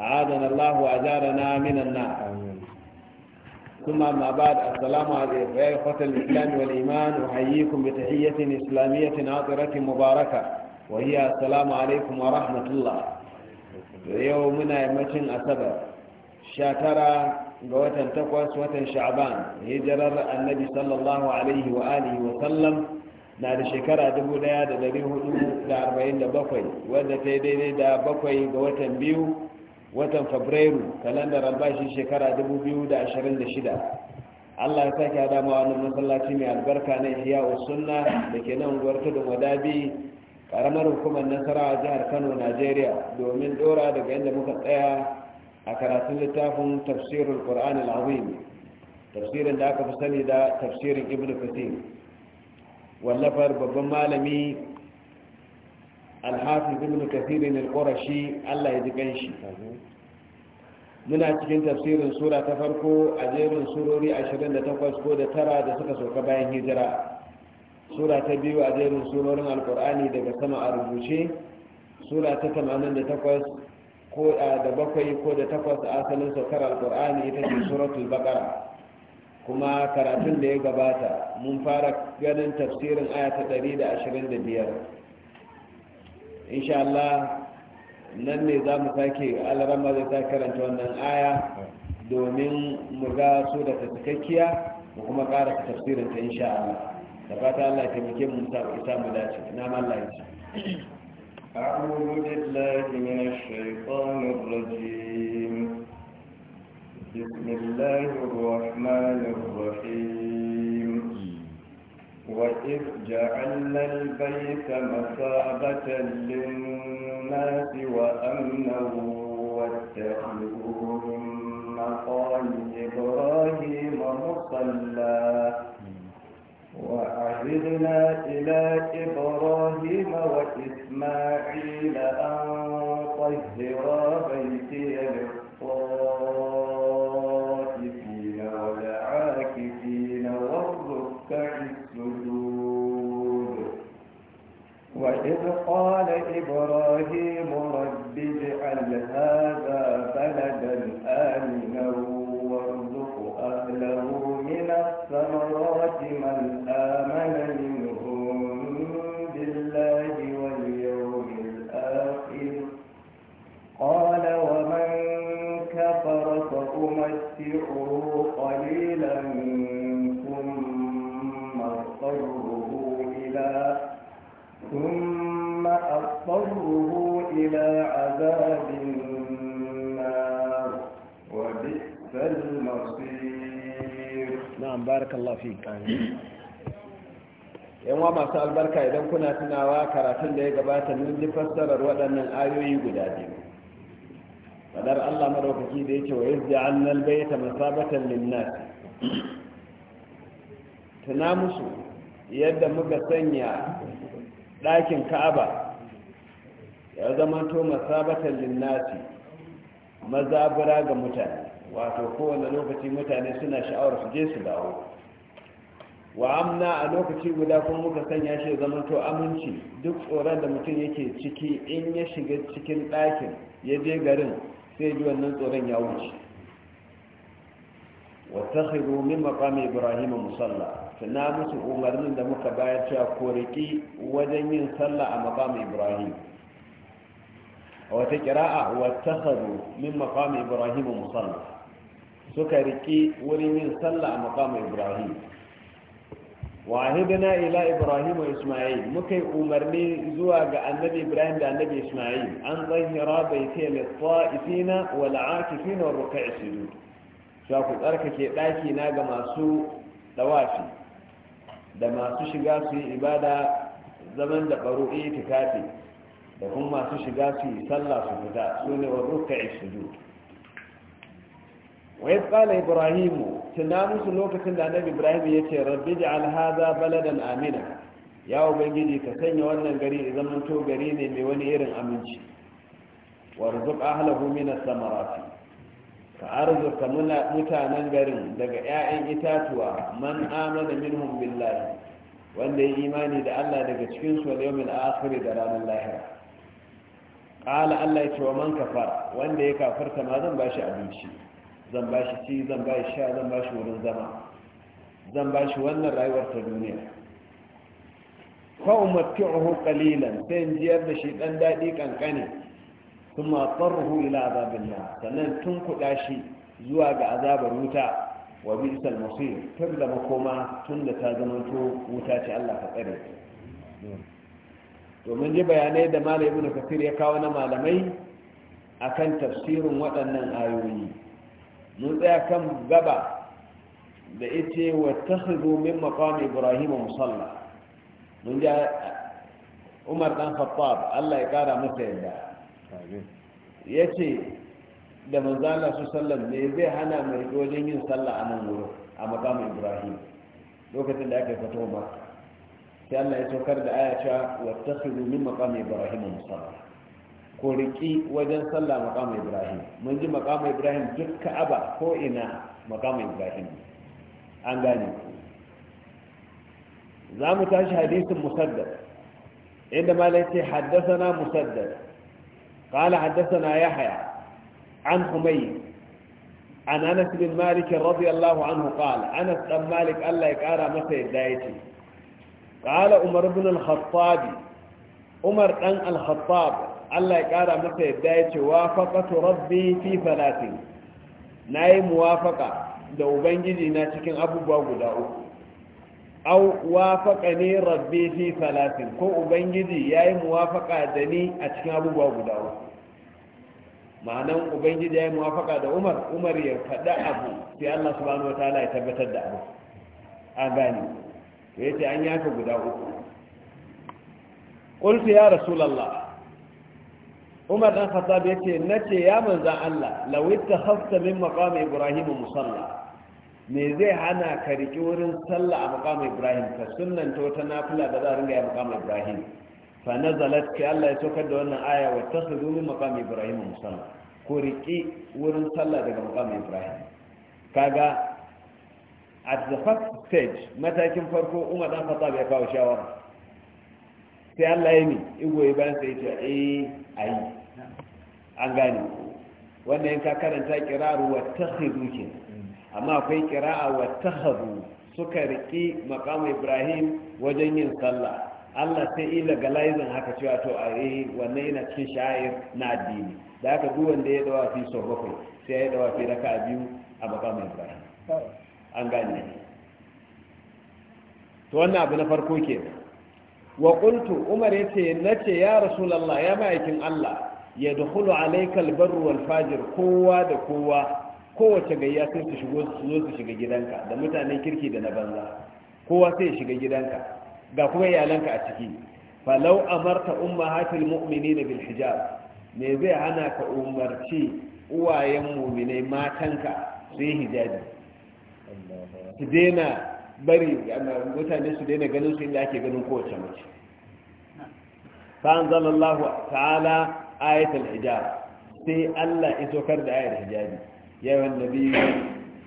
أعاذنا الله وأجارنا من النار ثم أما بعد السلام عليكم يا إخوة الإسلام والإيمان أحييكم بتحية إسلامية عطرة مباركة وهي السلام عليكم ورحمة الله يومنا يمتن أسبب شاكرا ga watan takwas watan sha'ban hijirar annabi sallallahu alaihi wa alihi wa sallam na da shekara 1447 wadda ta yi daidai da bakwai ga watan biyu watan fabrairu kalandar albashi shekara 2026 allah ya sake a ma masallaci mai albarka na ihya sunna da ke nan ta tudun wadabi karamar hukumar nasara a jihar kano najeriya domin dora daga yadda muka tsaya a karatun littafin tafsirin qur'an al-azim tafsirin da aka fi sani da tafsirin Ibn kathir wallafar babban malami alhafiz ibn kathir al-qurashi Allah ya ji ganshi muna cikin tafsirin sura ta farko a jerin surori 28 ko da tara da suka soka bayan hijira sura ta biyu a jerin surorin alkur'ani daga sama a rubuce sura ta 88 ko da bakwai ko da takwas a asalin saukar alkur'ani ita ce suratul baqara kuma karatun da ya gabata mun fara ganin tafsirin aya ta 125 insha Allah nan ne za mu sake alarama zai ta karanta wannan aya domin mu ga su da tafsikakkiya mu kuma ƙara ta tafsirin ta insha Allah da fata Allah ya taimake mu ta isa mu dace na mallaki أعوذ بالله من الشيطان الرجيم بسم الله الرحمن الرحيم وإذ جعلنا البيت مثابة للناس وأمنا واتخذوا من مقام إبراهيم مصلى وعهدنا إلى إبراهيم وإسماعيل أن طهرا بيتي للصلاة وإذ قال إبراهيم رب اجعل هذا بلدا آمنا إلى عذاب النار وبئس المصير نعم بارك الله فيك yan wa masu albarka idan kuna tunawa karatun da ya gabata mun ji fassarar waɗannan ayoyi guda biyu fadar Allah madaukaki da yake wa yaj'alna al ta masabatan lin tuna musu yadda muka sanya ɗakin Ka'aba ya zama to masabatan linnati mazabura ga mutane wato kowane lokaci mutane suna sha'awar su je su dawo wa amna a lokaci guda kuma muka sanya shi zaman to aminci duk tsoron da mutum yake ciki in ya shiga cikin ɗakin ya je garin sai ji wannan tsoron ya wuce wata hiru min makami ibrahim musalla suna musu umarnin da muka bayar cewa ko riƙi wajen yin sallah a makami ibrahim a wata kira'a wattakhadhu min maqam ibrahim musalla suka riki wurin yin sallah a maqam ibrahim wa ila ibrahim isma'il muka yi umarni zuwa ga annabi ibrahim da annabi isma'il an zahira baiti lil ta'ifina wal 'akifina wa ruk'i sujud sha ku tsarkake ɗaki na ga masu dawafi da masu shiga su yi ibada zaman da baro itikafi da kuma masu shiga su yi sallah su fita su ne wa ruka sujud wa ya tsala ibrahimu tuna musu lokacin da annabi ibrahim ya ce rabbi ja'al Alhaza baladan amina ya ubangiji ka sanya wannan gari idan mun gari ne mai wani irin aminci warzuq ahlahu min samarati ka arzuka muna mutanen garin daga 'ya'yan itatuwa man amana minhum billahi wanda ya imani da Allah daga cikin su asiri akhir da ranar lahira ƙala allah ya ce wa man kafara wanda ya kafarta ma zan ba shi abinci zan ba shi ci zan ba shi sha zan ba shi wurin zama zan ba shi wannan rayuwar ta duniya fa'umattu'uhu qalilan sai in jiyar da shi ɗan daɗi kankane kuma tsarruhu ila azabin nar sannan tun kuɗa shi zuwa ga azabar wuta wa bi'sal tun tabda makoma tun da ta zama to wuta ce Allah ka tsare domin ji bayanai da malam ibn kafir ya kawo na malamai akan tafsirin waɗannan ayoyi mun tsaya kan gaba da ita wa takhudhu min maqam ibrahim musalla mun ja umar dan khattab Allah ya kara masa yadda yace da manzo su sallam ne zai hana mai wajen yin sallah a nan wurin a maqam ibrahim lokacin da aka fito ba. sai Allah ya saukar da aya cewa wattakhidhu min maqami ibrahim musalla ko riki wajen sallah maqami ibrahim mun ji maqami ibrahim duk ka'aba ko ina maqami ibrahim an gane za mu tashi hadisin musaddad inda malai ce haddathana musaddad qala haddathana yahya an humayy عن انس بن مالك رضي الله عنه قال انس بن مالك الله يقرا متى يدايتي قال umar bin al عمر umar الخطاب al يقرا allah ya ƙara masa yadda ya ce ناي موافقه fi na yi da ubangiji na cikin abubuwa guda uku au wafaƙa ne rabbi fi salatin ko ubangiji ya yi muwafaƙa da ni a cikin abubuwa guda uku ma'anan ubangiji ya yi muwafaƙa da umar umar ya faɗa abu sai allah subhanahu wa ta'ala ya tabbatar da abu a gani ya ce an yaka guda uku ƙulfi ya rasulallah umar dan khattab ya ce na ce ya manzan allah lawita hafta min ibrahim musalla me zai hana ka riƙi wurin sallah a maƙam ibrahim ka sunanta wata nafila da za a ringa ya maƙam ibrahim fa nazalat ki allah ya saukar da wannan aya wa takhudhu min ibrahim musalla ko riƙi wurin sallah daga maƙam ibrahim kaga at the first stage matakin farko umar dan fata bai kawo shawara sai Allah ya ne igoyi bayan sai ce eh ayi an gani wannan ka karanta kiraru wa takhidu ke amma akwai kira'a wa takhadu suka riki maqam Ibrahim wajen yin sallah Allah sai ila galaizin haka cewa to a eh wannan yana cikin sha'ir na addini da haka duk wanda ya dawa fi sau bakwai sai ya dawa fi raka'a biyu a maqam Ibrahim an gane to wannan abu na farko ke wa qultu umar yace nace ya rasulullah ya ma'aikin Allah ya dukhulu alayka albarru wal fajir kowa da kowa kowace gayya sai su shigo zo su shiga gidanka da mutanen kirki da na banza kowa sai ya shiga gidanka ga kuma iyalanka a ciki falau amarta ummahatil mu'minina bil hijab me zai hana ka umarci uwayen mu'minai matanka sai hijabi su daina bari mutane su daina ganin su inda ake ganin kowace mace fa'an zalallahu ta'ala ayatul hijab sai Allah ya tokar da ayatul hijabi ya yawan nabi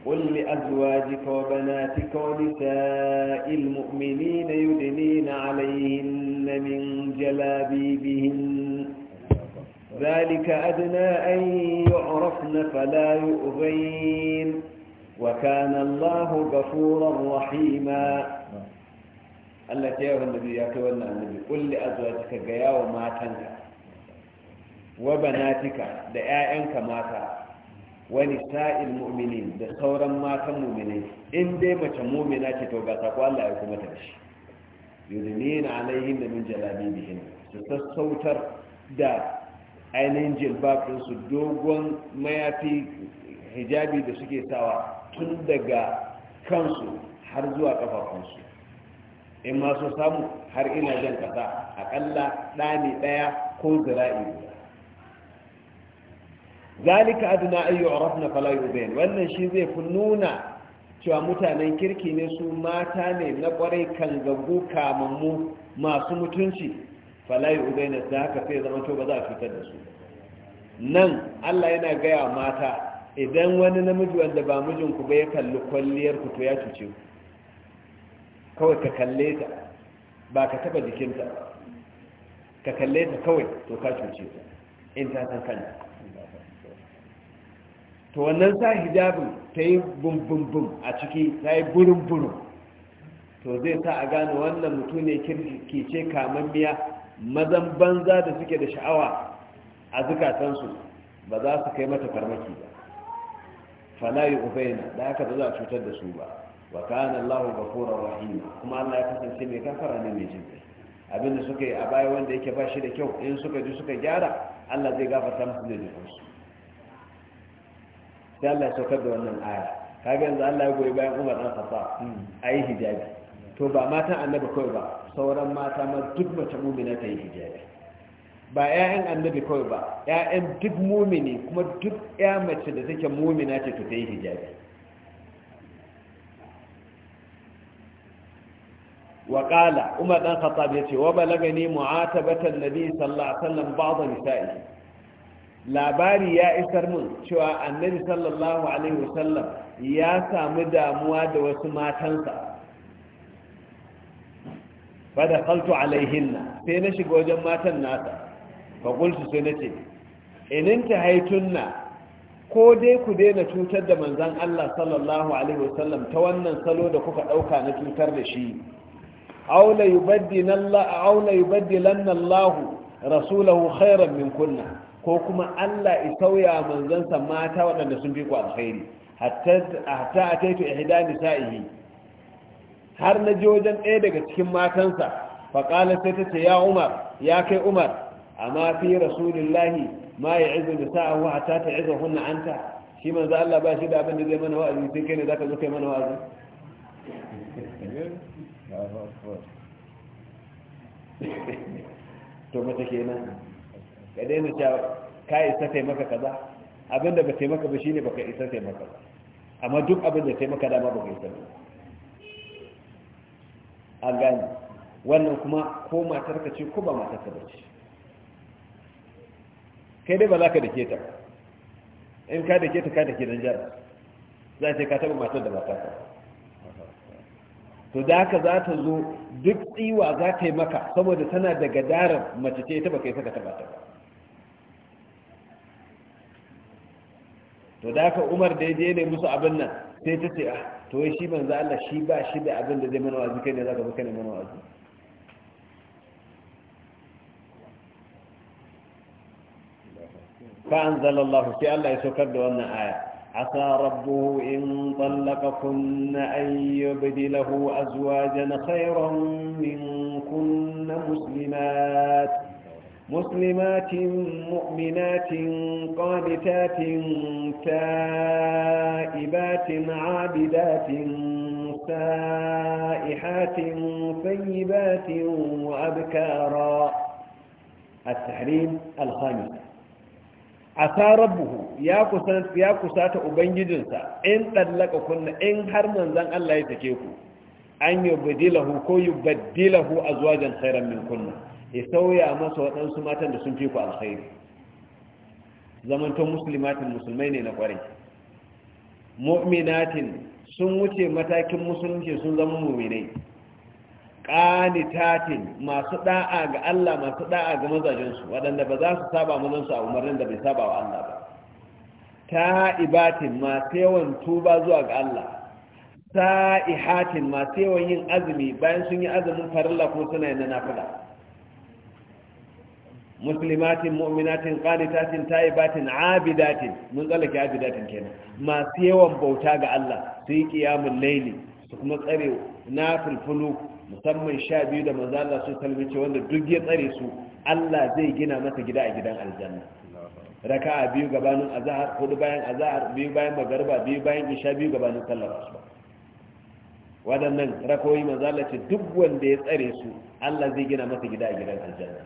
قل لأزواجك وبناتك ونساء المؤمنين يدنين عليهن من جلابيبهن ذلك أدنى أن يعرفن فلا يؤذين وكان الله غفورا رحيما الله يا النبي يا كوانا النبي قل لأزواجك قيا وما تنكا وبناتك دعائنك ماتا ونساء المؤمنين دصورا ماتا مؤمنين إن دي متى مؤمنات توقعتك والله يكون متبشي يدنين عليهن من جلابيبهن ستستوتر da ainihin jilbabinsu dogon mayafi hijabi da suke sawa tun daga kansu har zuwa kafafunsu in ma su samu har ina jan kasa akalla ɗani ɗaya ko zira'i zalika aduna an yu'rafna fala yubayn wannan shi zai fi nuna cewa mutanen kirki ne su mata ne na kwarai kan gabu kamammu masu mutunci fala yubayn da haka sai zama to ba za a fitar da su nan Allah yana gaya mata idan wani namiji wanda ba mijinku ba ya kalli kwalliyar ku to ya cuce ku kawai ka kalle ta ba ka taba jikinta ka kalle ta kawai to ka cuce ku. in ta san kanta to wannan sa hijabin ta yi bumbumbum a ciki ta yi burin-burin to zai sa a gane wannan mutum ne kirki ce kamammiya mazan banza da suke da sha'awa a zukatansu ba za su kai mata farmaki ba fala yu'faina da haka ba za a cutar da su ba wa kana Allahu gafurar rahim kuma Allah ya kasance mai kafara ne mai jin abin da suka yi a baya wanda yake ba shi da kyau in suka ji suka gyara Allah zai gafarta musu da jikinsu sai Allah ya saukar da wannan aya kaga yanzu Allah ya goyi bayan Umar dan a yi hijabi to ba matan annabi kawai ba sauran mata ma duk mace mumina ta yi hijabi ba 'ya'yan annabi kawai ba 'ya'yan duk mumini kuma duk 'ya mace da take mumina ce to ta yi hijabi waƙala umar ɗan khattab ya ce wa balaga ne mu'atabatan nabi sallallahu alaihi wasallam labari ya isar mun cewa annabi sallallahu alaihi wasallam ya samu damuwa da wasu matansa fa da khaltu alaihinna sai na shiga wajen matan nasa faƙultu sai na ce ininta haitunna ko dai ku daina cutar da manzan Allah sallallahu Alaihi wasallam ta wannan salo da kuka ɗauka na cutar da shi aula yi baddilan Allahu rasulahu khairan min kunna ko kuma Allah isauya manzansa mata waɗanda sun fi ku alkhairi hatta a taitu ihda nisa'ihi har na ji wajen ɗaya daga cikin matansa faƙalar sai ta ce ya umar ya kai umar amma fi rasulillahi ma ya izu da sa'a a ta ta izu hunna anta shi manzo Allah ba shi da abin da zai mana wa'azi sai kai ne zaka zo kai mana wa'azi to mata kenan ka daina cewa ka isa kai maka kaza abinda ba taimaka ba shine baka isa taimaka ba amma duk abin da taimaka dama baka isa ba an gane wannan kuma ko matarka ce ko ba matarka ba ce kai dai ba za ka dake ta in ka dake ta ka dake nan jar za ta ka taba matar da ba ka to da haka za ta zo duk tsiwa za ta yi maka saboda tana da gadarar mace ce ta baka yi saka taɓa ta to da haka umar da ya je ne musu abin nan sai ta ce ah to shi manzo Allah shi ba shi da abin da zai mana wazi kai ne za ka zo kai ne mana wazi فأنزل الله في الله يسكد أن آية عسى ربه إن طلقكن أن يبدله أزواجا خيرا منكن مسلمات مسلمات مؤمنات قانتات تائبات عابدات سائحات ثيبات وأبكارا التحريم الخامس asa rabbuhu ya kusa ya kusata ubangijinsa in dallaka kunna in har manzon Allah ya take ku an yubdilahu ko yubdilahu azwajan khairan min kunna ya sauya masa waɗansu matan da sun fi ku alkhairi zamanto muslimatin musulmai ne na kwarai mu'minatin sun wuce matakin musulunci sun zama mu'minai qanitatin masu da'a ga Allah masu da'a ga mazajensu waɗanda ba za su saba mazansu a umarnin da bai saba wa Allah ba Ta ibatin masu yawan tuba zuwa ga Allah ta ihatin masu yawan yin azumi bayan sun yi azumin farilla ko suna yin na nafila muslimatin mu'minatin qanitatin taibatin abidatin mun tsallake abidatin kenan masu yawan bauta ga Allah su yi qiyamul layli su kuma tsare na fulfulu musamman sha biyu da manzo Allah su talmice wanda duk ya tsare su Allah zai gina masa gida a gidan aljanna raka'a biyu gabanin azhar hudu bayan azhar biyu bayan magariba biyu bayan isha biyu gabanin sallar asuba waɗannan rakoyi manzo Allah ce duk wanda ya tsare su Allah zai gina masa gida a gidan aljanna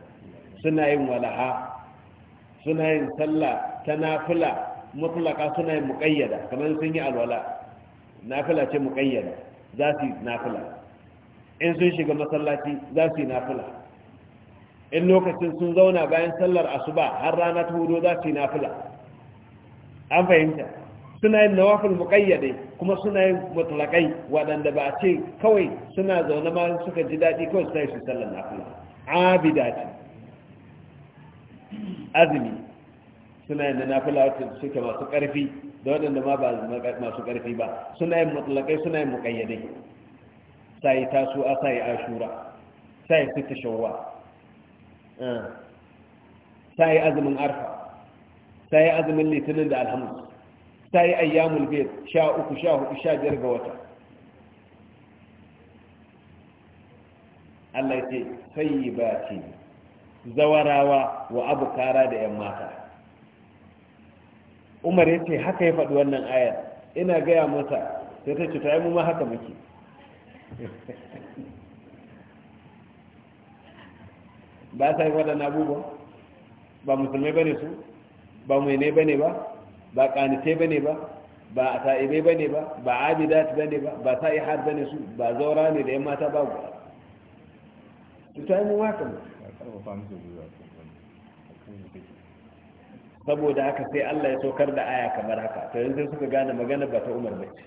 suna yin walaha suna yin sallah ta nafila mutlaka suna yin muqayyada kamar sun yi alwala nafila ce muqayyada za su yi nafila in sun shiga masallaci za su yi nafila in lokacin sun zauna bayan sallar asuba har rana ta hudu za su yi nafila an fahimta suna yin nawafin muƙayyade kuma suna yin mutlaƙai waɗanda ba a ce kawai suna zaune ma suka ji daɗi kawai suna yi su sallar nafila abida ce azumi suna yin nafila wacce suke masu ƙarfi da waɗanda ma ba masu ƙarfi ba suna yin mutlakai suna yin muƙayyadai sai ta su a sai ashura sai su ta shawwa sai azumin arfa sai azumin litinin da alhamis sai ayyamul bayt sha uku sha hudu sha biyar ga wata Allah ya ce sayyibati zawarawa wa abukara da yan mata umar ya ce haka ya faɗi wannan ayar ina gaya masa sai ta ce ta mu ma haka muke ba sa yi waɗannan abubuwa ba musulmai ba ne su ba muinai ba ne ba ba ƙanice ba ne ba ba a sa'ibai ba ne ba ba abidat ba ne ba ba sa'i har ba ne su ba zaura ne da yan mata ba guda su ta yi mu haka muke saboda haka sai Allah ya saukar da aya kamar haka to yanzu suka gane magana ba ta Umar ba ce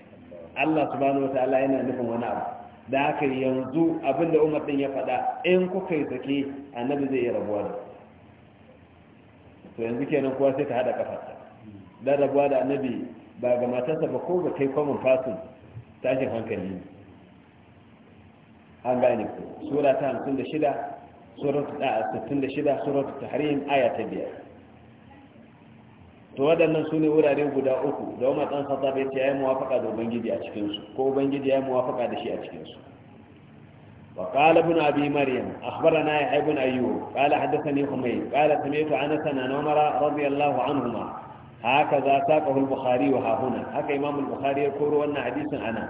Allah subhanahu wataala yana nufin wani abu da haka yanzu abinda Umar din ya faɗa in kuka yi sake annabi zai yi rabuwa da to yanzu kenan kowa sai ta hada kafarta Da rabuwa da annabi ba ga matarsa ba ko ga kai common person tashin hankali ne an gane ku sura ta 56 sura ta 66 sura ta tahrim aya ta biyar. to waɗannan su ne wurare guda uku da umar ɗan khattab ya ce ya yi muwafaka da ubangiji a cikinsu ko ubangiji ya yi muwafaka da shi a cikinsu وقال ابن أبي مريم أخبرنا يحيى بن أيوب قال حدثني حميد قال سمعت أنس بن عمر رضي الله عنهما هكذا ساقه البخاري وها هنا هكا إمام البخاري يذكر أن حديثا عنه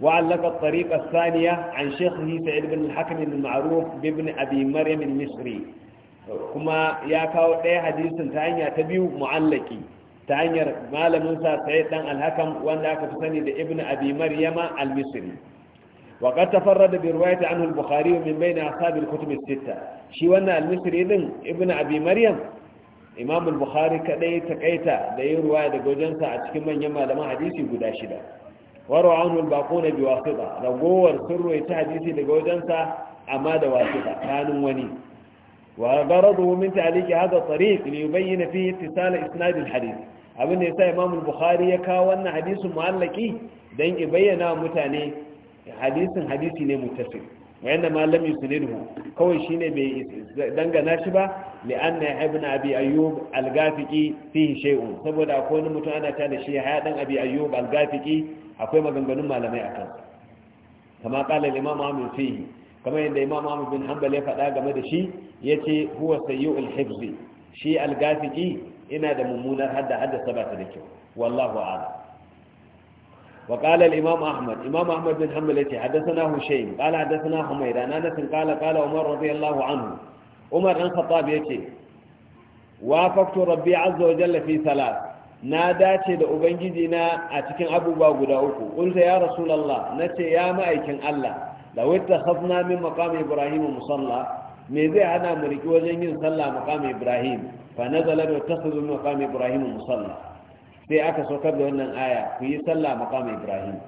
وعلق الطريقة الثانية عن شيخه سعيد بن الحكم المعروف بابن أبي مريم المصري kuma ya kawo ɗaya hadisin ta hanya ta biyu mu'allaki ta hanyar malamin sa sai dan alhakam wanda aka fi sani da ibnu abi maryama al-misri wa qad tafarrada bi riwayati anhu al-bukhari min bain ashab al-kutub as-sitta shi wannan al-misri din ibnu abi maryam imam al-bukhari kadai ta da yin riwaya daga wajensa a cikin manyan malaman hadisi guda shida warwa anhu al-baqun bi wasita ragowar sun ta hadisi daga wajensa amma da wasita kanun wani وغرضه من تعليق هذا الطريق ليبين فيه اتصال إسناد الحديث abin da ya sa imamul bukhari ya kawo wannan hadisin mu'allaki don ya bayyana mutane hadisin hadisi ne mutasir wayan su lam yusnidhu kawai shine bai dangana shi ba li anna ibn abi ayyub al-gafiqi fihi shay'un saboda akwai wani mutum ana ta da shi ya dan abi ayyub al akwai maganganun malamai akan kama qala al-imam ahmad kamar yadda imam Ahmad bin Hanbal ya faɗa game da shi yace huwa sayyu'ul hifzi shi ya gafiqi ina da mummunar hadda hadda sabata da kyau wallahu a'lam wa qala al-imam Ahmad imam Ahmad bin Hanbal yace haddathana Hushaym qala haddathana Humaydan ana tin qala qala Umar radiyallahu anhu Umar bin Khattab yace wafaqtu rabbi azza wa jalla fi salat na dace da ubangiji na a cikin abubuwa guda uku ulza ya rasulullah nace ya ma ma'aikin Allah lawaita khafna min maqami ibrahim musalla me zai hana mu riki wajen yin sallah maqami ibrahim fa nazala bi takhudhu maqami ibrahim musalla sai aka saukar da wannan aya ku yi sallah maqami ibrahim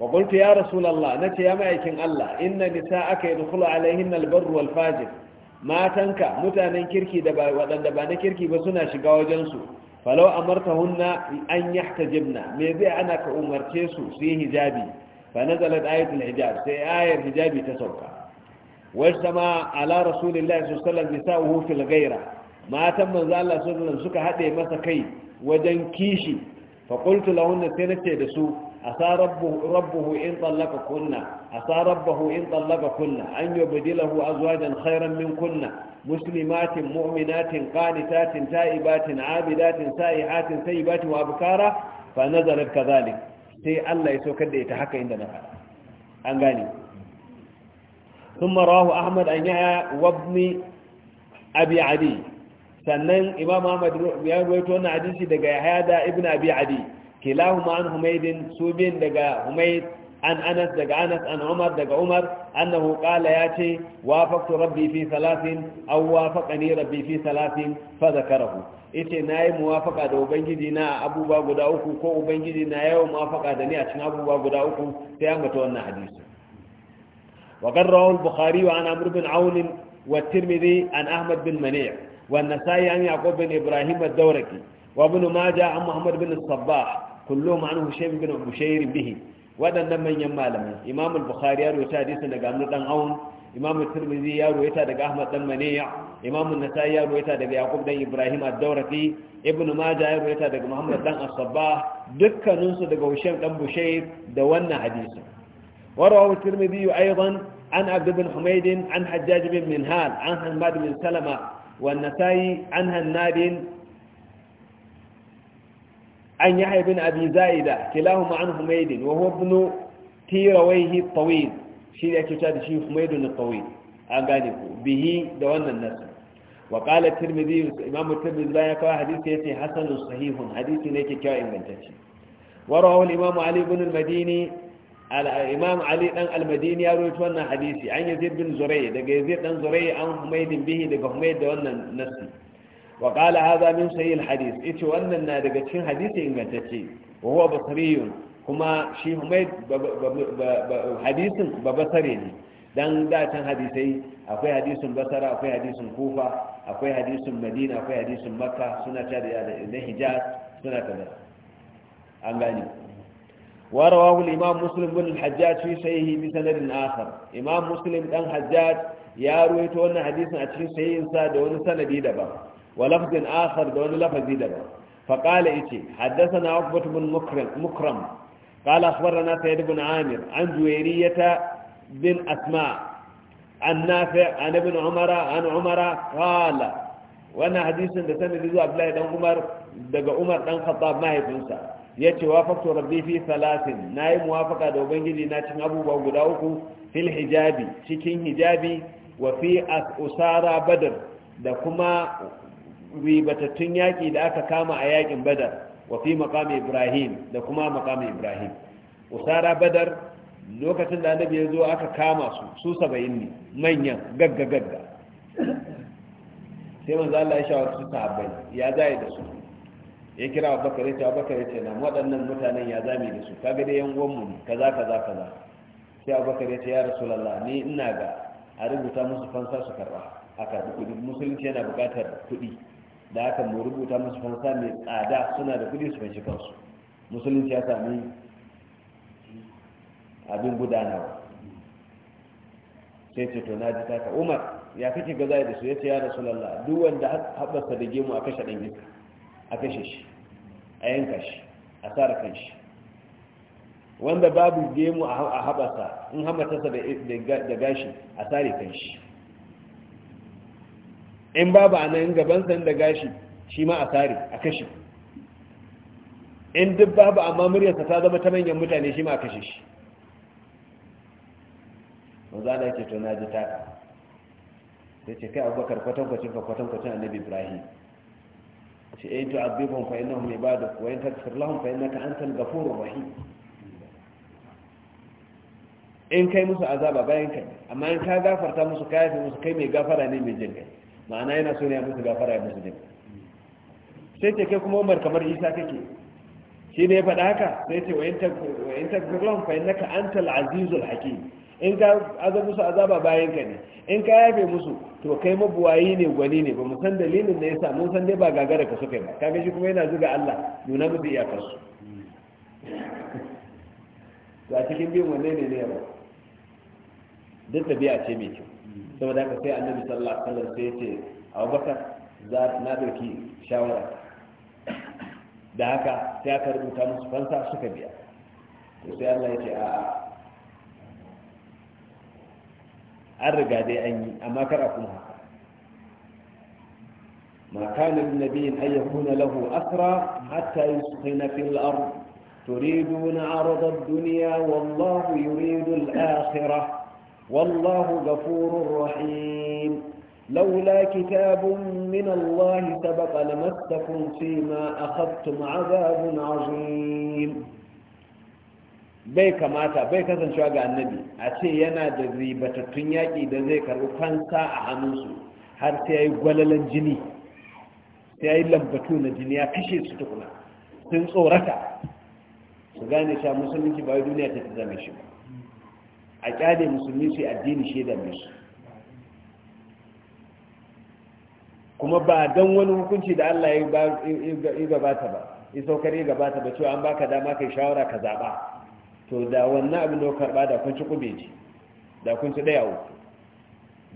wa qultu ya rasulullah nace ya ma'aikin Allah inna aka yadkhulu alaihinna albarr wal fajir matanka mutanen kirki da ba waɗanda ba na kirki ba suna shiga wajen su falau amarta hunna an yahtajibna me zai ana ka umarce su su yi hijabi fa nazalat ayatul hijab sai ayar hijabi ta sauka wasama ala rasulillahi sallallahu alaihi wasallam nisa'uhu fil ghaira matan manzo Allah suka haɗe masa kai wajen kishi fa qultu lahunna sai nace da su asa rabbuhu rabbuhu in tallaka kunna asa rabbuhu in tallaka kunna an yubdilahu azwajan khairan min kunna muslimatin mu'minatin qanitatin ta'ibatin abidatin sa'ihatin sayyibatin wa abkara fa nazalat kadhalik sai Allah ya saukar da ita haka inda na fara an gane sun marahu ahmad an yaya wabni abi adi sannan imam ahmad ya rawaito wannan hadisi daga yahya da ibnu abi adi kilahuma an humaydin su biyan daga humayd an anas daga anas an umar daga umar annahu qala yace wafaqtu rabbi fi salatin aw wafaqani rabbi fi salatin fa zakarahu yace nayi muwafaqa da ubangiji na abubuwa guda uku ko ubangiji na yayi muwafaqa da ni a cikin abubuwa guda uku sai an bata wannan hadisi wa qarrahu al-bukhari wa an amr bin aun wa tirmidhi an ahmad bin mani' wa an-nasa'i an yaqub bin ibrahim ad-dawraki وابن ماجه عن محمد بن الصباح كلهم عنه شيء بن بشير به waɗannan manyan malamai imam bukhari ya rubuta hadisin daga amr dan aun imam tirmidhi ya rubuta daga ahmad dan maniya imam an-nasai ya rubuta daga yaqub dan ibrahim ad-dawraqi ibn majah ya rubuta daga muhammad dan as-sabbah dukkanin su daga husayn dan bushayr da wannan hadisin وروى الترمذي أيضا عن an بن حميد عن حجاج بن منهال عن حماد بن an والنسائي an yahya bin abi zaida kilahuma an humayd wa huwa ibn tirawayhi tawil shi da ke da shi humayd bin tawil an gane ku bihi da wannan nasu wa qala tirmidhi imam tirmidhi bayan kawo hadisi yace hasanun sahihun hadisi ne kyakkyawa ingantacce wa imam ali al-madini الإمام علي أن المديني يروي تونا حديثي عن يزيد بن زري دق يزيد بن زري عن حميد به دق حميد دون wa qala hadha min sahih hadith yace wannan na daga cikin hadisi ingantacce wa huwa basriyun kuma shi humayd hadisin ba basare ne dan can hadisai akwai hadisin basara akwai hadisin kufa akwai hadisin madina akwai hadisin makka suna ta da na hijaz suna kaza an gani wa rawahu al-imam muslim bin al-hajjaj fi sahihi bi sanadin akhar imam muslim dan hajjaj ya ruwaito wannan hadisin a cikin sahihin sa da wani sanadi daban wa lafzin akhar da wani lafazi daban فقال إيتي حدثنا عقبة بن مكرم, مكرم قال أخبرنا سيد بن عامر عن جويرية بن أسماء عن نافع عن ابن عمر عن عمر قال وانا حديث ده سنة ذو عبد الله بن عمر دقى عمر بن خطاب ما هي فنسا يتي وافقت ربي في ثلاث ناي موافقة دو بنجلي ناتن أبو بوغداوكو في الحجابي شكين حجابي وفي أسارة بدر da kuma ribatattun yaƙi da aka kama a yaƙin badar wa fi maqami ibrahim da kuma maqami ibrahim usara badar lokacin da annabi ya zo aka kama su su saba'in ne manyan gagga gagga sai manzo Allah ya shawar su sahabbai ya zai da su ya kira wa bakare ya ce wa bakar ce na waɗannan mutanen ya zame da su kaga dai yan uwanmu ne kaza kaza kaza sai wa bakar ya ce ya rasulallah ni ina ga a rubuta musu fansa su karɓa a karɓi musulunci yana buƙatar kuɗi da aka mu rubuta musu fansa mai tsada suna da kudi su fanshi kansu musulunci ya sami abin gudanawa sai ce to na ji taka umar ya kake gaza da su ya ce ya rasu lalla duk wanda haɓarsa da gemu a kashe ɗan a kashe shi a yanka shi a tsara kan shi wanda babu gemu a haɓarsa in hamatarsa da gashi a tsare kan shi in babu a nan gaban san da gashi shi ma a tare a kashe in duk babu amma muryarsa ta zama ta manyan mutane shi ma a kashe shi maza da to na ji taka sai ce kai abubakar kwatankwacin ka kwatankwacin annabi ibrahim ce ai eh, to abibun fa innahum ibaduk wa in tagfir lahum fa innaka antal ghafurur rahim in kai musu azaba bayan kai amma in ka gafarta musu kai musu kai mai gafara ne mai jin kai ma'ana yana so ne ya musu gafara ya musu jini sai ce kai kuma umar kamar isa kake shi ne ya faɗa haka sai ce wa yin takfir lahum fa innaka antal azizul hakim in ka azab musu azaba bayan ka ne in ka yafe musu to kai mabuwayi ne gwani ne ba mu san dalilin da yasa mun san dai ba gagara ka suka ba kaga shi kuma yana zuga Allah nuna musu iyakar su to a cikin bin wanne ne ne ba duk tabi'a ce mai kyau saboda haka sai annabi sallallahu alaihi wasallam sai ya ce abubakar za na dauki shawara da haka sai aka rubuta musu fansa suka biya to sai Allah ya ce a'a an riga dai an yi amma kar a kuma haka ما كان للنبي أن يكون له أسرى حتى يسخن في الأرض تريدون عرض الدنيا والله يريد الآخرة والله غفور رحيم لولا كتاب من الله سبق لمسكم فيما أخذتم عذاب عظيم bai kamata bai kasancewa ga annabi a ce yana da ribatattun yaƙi da zai karɓi fansa a hannunsu har sai ya yi gwalalan jini sai ya yi lambatu na jini ya kashe su tukuna sun tsorata su gane sha musulunci ba duniya ta zame shi ba a kyale musulmi su addini shaidar musu kuma ba don wani hukunci da Allah ya gabata ba ya saukar ya gabata ba cewa an baka dama kai shawara ka zaba to da wannan abin da ya da kun ci kubeji da kun ci ɗaya uku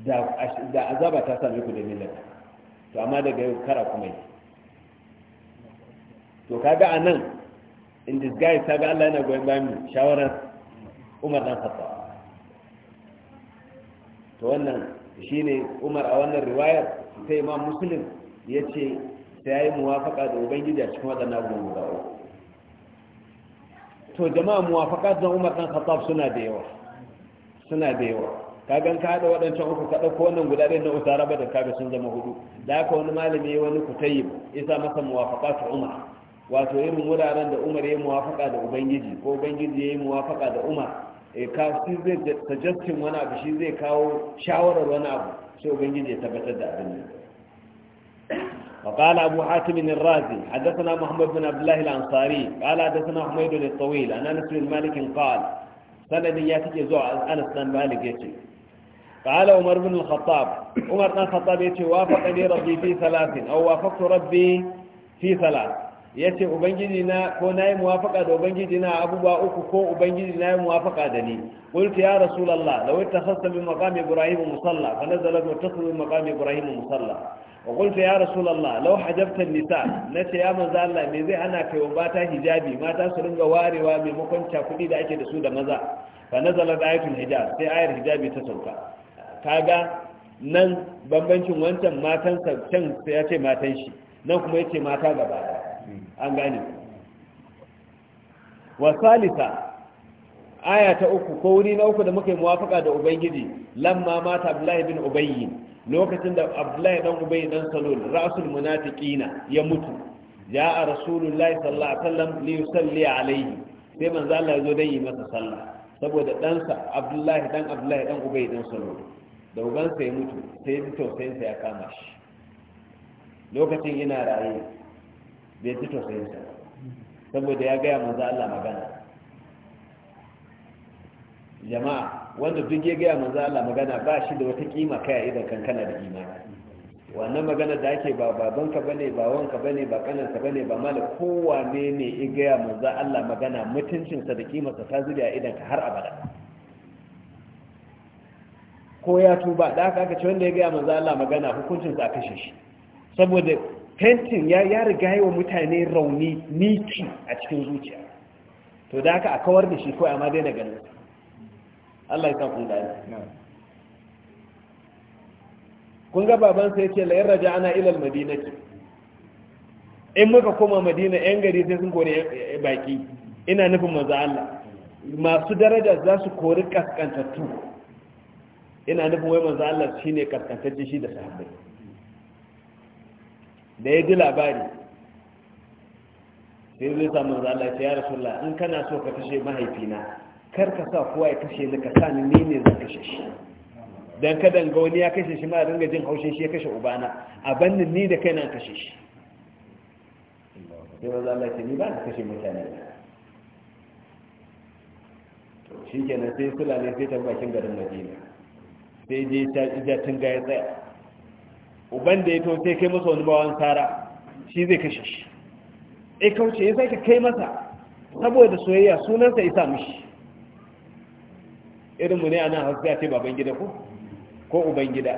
da azaba ta sami ku da millata to amma daga yau kara kuma yi to kaga a nan in disguise kaga Allah yana goyon bayan shawarar umar dan khattab to wannan shi ne umar a wannan riwayar sai ma muslim ya ce ta yi muwafaka da ubangiji a cikin waɗannan abubuwan guda uku to jama'a muwafaka da umar ɗan khattab suna da yawa suna da yawa ka gan ka haɗa waɗancan uku ka ɗauko wannan guda ɗaya na usara ba da kaga sun zama hudu da haka wani malami wani kutayi isa masa muwafaka ta umar wato irin wuraren da umar ya muwafaka da ubangiji ko ubangiji ya yi muwafaka da umar ka shi zai suggestion wani abu shi zai kawo shawarar wani abu sai ubangiji ya tabbatar da abin nan وقال أبو حاتم الرازي حدثنا محمد بن عبد الله الأنصاري قال حدثنا حميد الطويل عن أنس بن مالك قال سند ياتي زوع أنس بن مالك يتي قال عمر بن الخطاب عمر بن الخطاب يتي وافقني ربي في ثلاث أو وافقت ربي في ثلاث ya ce ubangiji na ko na yi muwafaka da ubangiji na abubuwa uku ko ubangiji na yi muwafaka da ni qultu ya rasulullah law sassa min maqami ibrahim musalla fa nazala muttakhidhu min maqami ibrahim musalla wa ya rasu law hajabta an-nisa nace ya manzo Allah me zai hana kai bata hijabi mata su ringa warewa maimakon cakudi da ake da su da maza fa nazala ayatul hijab sai ayar hijabi ta sauka kaga nan bambancin wancan matansa can sai ya ce matan shi nan kuma yace mata gaba an gane wa salisa aya ta uku ko wuri na uku da muka yi muwafaka da ubangiji lamma mata abdullahi bin ubayyi lokacin da abdullahi dan ubayyi dan salul rasul munafiqina ya mutu a rasulullahi sallallahu alaihi wasallam li yusalli alaihi sai manzo Allah ya zo dan yi masa sallah saboda ɗansa abdullahi dan abdullahi dan ubayyi dan salul da ubansa ya mutu sai ya tausayin sa ya kama shi lokacin ina raye bai tausayin tausayinsa saboda ya gaya manzo Allah magana jama'a wanda duk ya gaya manzo Allah magana ba shi da wata kima kai idan kankana da imani wannan magana da ake ba babanka bane ba wanka bane ba kanansa bane ba mala kowane ne ya gaya manzo Allah magana mutuncinsa da kimarsa ta zuriya idan ka har abada ko ya tuba da haka aka ce wanda ya gaya manzo Allah magana hukuncinsa a kashe shi saboda fentin ya riga yi wa mutane rauni niki a cikin zuciya to da aka kawar da shi ko amma na ganin Allah ya kun gani kun ga baban sai ce la yarja ana ila madinaki. in muka koma madina yan gari sai sun kore baki ina nufin manzo Allah masu daraja za su kori kaskantattu ina nufin wai manzo Allah shine kaskantacce shi da sahabbai da ya ji labari sai zai samu zala ya rasulla in kana so ka kashe mahaifina kar ka sa kowa ya kashe ni ka sa ni ne ne zan kashe shi dan ka danga wani ya kashe shi ma ringa jin haushin shi ya kashe ubana a bannin ni da kaina kashe shi sai maza Allah ce ni ba ka kashe mutane shi kenan sai sulale sai ta bakin garin Madina sai je ta ija tunga ya tsaya uban da ya to sai kai masa wani bawan tsara shi zai kashe shi e kauce ya ka kai masa saboda soyayya sunansa isa mishi mu ne a nan a ce baban gida ko ko uban gida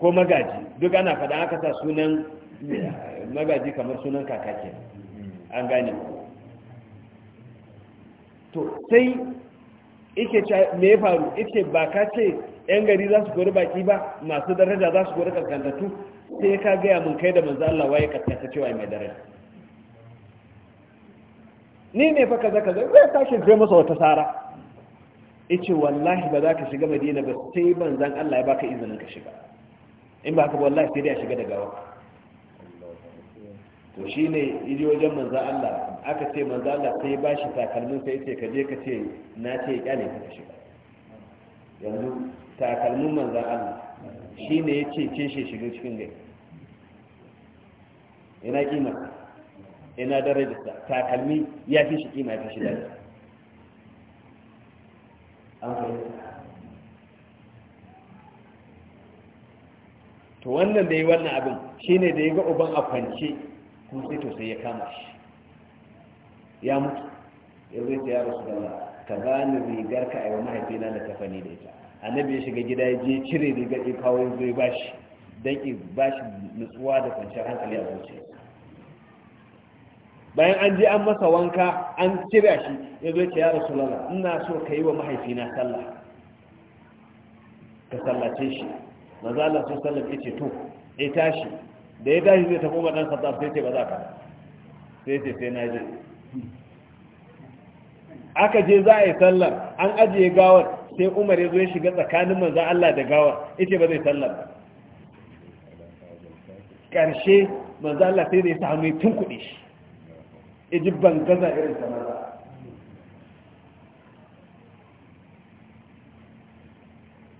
ko magaji duk ana faɗa aka sa sunan eh, magaji kamar sunan kakakin an gane to sai ike me ya faru ike ba ka ce yan gari za su kori baki ba masu daraja za su kori kaskantattu sai ka gaya mun kai da manzo Allah waye kaskanta cewa mai daraja ni ne fa kaza kaza ya tashi zai masa wata sara yace wallahi ba za ka shiga madina ba sai manzon Allah ya baka izinin ka shiga in ba haka wallahi sai dai a shiga da gawa to shine yaje wajen manzon Allah aka ce manzon Allah sai ya bashi takalmin sai ce ka je ka ce na ce kyale ka shiga yanzu takalmin manzan Allah shi ne ya ce shi shiga cikin gai ina kima ina darajarsa takalmi ya fi shi kima ya fi shi daraja an to wannan da yi wannan abin shi ne da ya ga uban a kwance kuma sai to sai ya kama shi ya mutu ya zai ta yaro su dala ka bani rigar ka a wa mahaifina da kafani da ita annabi ya shiga gida ya je cire rigar ya kawo ya zai bashi don ki bashi nutsuwa da kwanciyar hankali a zuciya bayan an je an masa wanka an cire shi ya zo ce ya lalata ina so ka yi wa mahaifina sallah ka sallace shi maza Allah sun sallam ya ce to ya tashi da ya tashi zai tafi wa dan sai ce ba za ka sai ce sai na je aka je za a yi sallar an ajiye gawar sai umar ya zo ya shiga tsakanin manzan Allah da gawar ita ba zai sallar ba ƙarshe manzan Allah sai da ya sami tun kuɗi shi ya ji ban gaza irin ta maza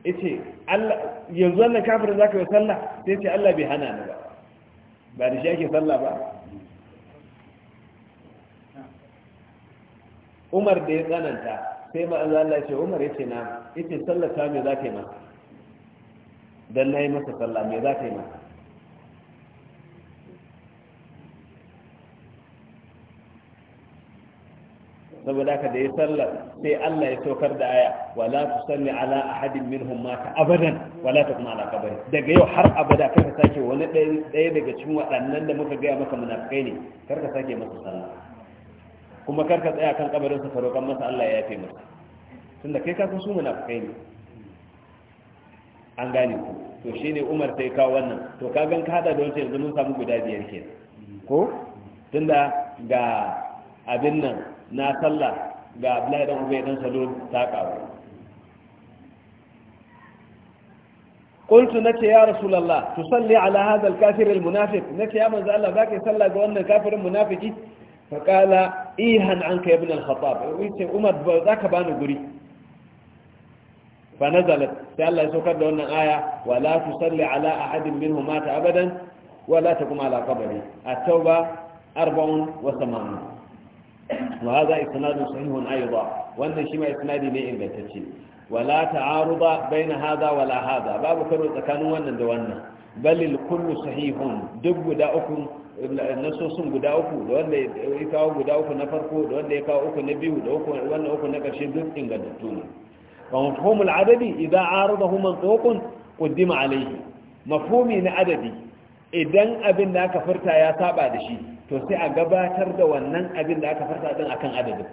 ita Allah yanzu wannan kafirin ka yi sallar sai ce Allah bai hana ni ba ba da shi ake sallar ba umar da ya tsananta sai ma'aza Allah ya ce umar ya ce na ita sallata me za ka yi masa na yi masa sallah me za ka yi masa saboda haka da ya sallar sai Allah ya saukar da aya wala salli ala ahadin minhum mata abadan wala kuma ala kabari daga yau har abada kar ka sake wani daya daga cikin waɗannan da muka gaya maka munafikai ne kar ka sake masa sallah kuma kar ka tsaya kan kabarin sa farokan masa Allah ya yafe masa tunda kai ka san su munafikai ne an gane ku to shine Umar sai kawo wannan to ka gan ka hada da wancan yanzu mun samu guda biyar kenan ko tunda ga abin nan na sallah ga Abdullahi dan Ubay dan Salul ta kawo قلت نك يا رسول الله تصلي على هذا الكافر المنافق نك يا من الله ذاك يصلى جوانا الكافر المنافق faƙala ihan an ka ibn al-khattab yace umar ba za ka bani guri fa nazalat sai Allah ya saukar da wannan aya wala tusalli ala ahadin minhum mata abadan wala taqum ala qabri at-tauba 84 wa hadha isnadun sahihun aidan wannan shi ma isnadi ne ingantacce ولا تعارض بين هذا wala هذا babu karo tsakanin wannan da wannan balil kullu sahihun duk guda uku nasosin guda uku da wanda ya kawo guda uku na farko da wanda ya kawo uku na biyu da wanda uku na ƙarshe duk ingantattu ne fa mafhumul adadi idan aradahu mantuqun qaddima alayhi mafhumi na adadi idan abin da aka furta ya saba da shi to sai a gabatar da wannan abin da aka furta din akan adadin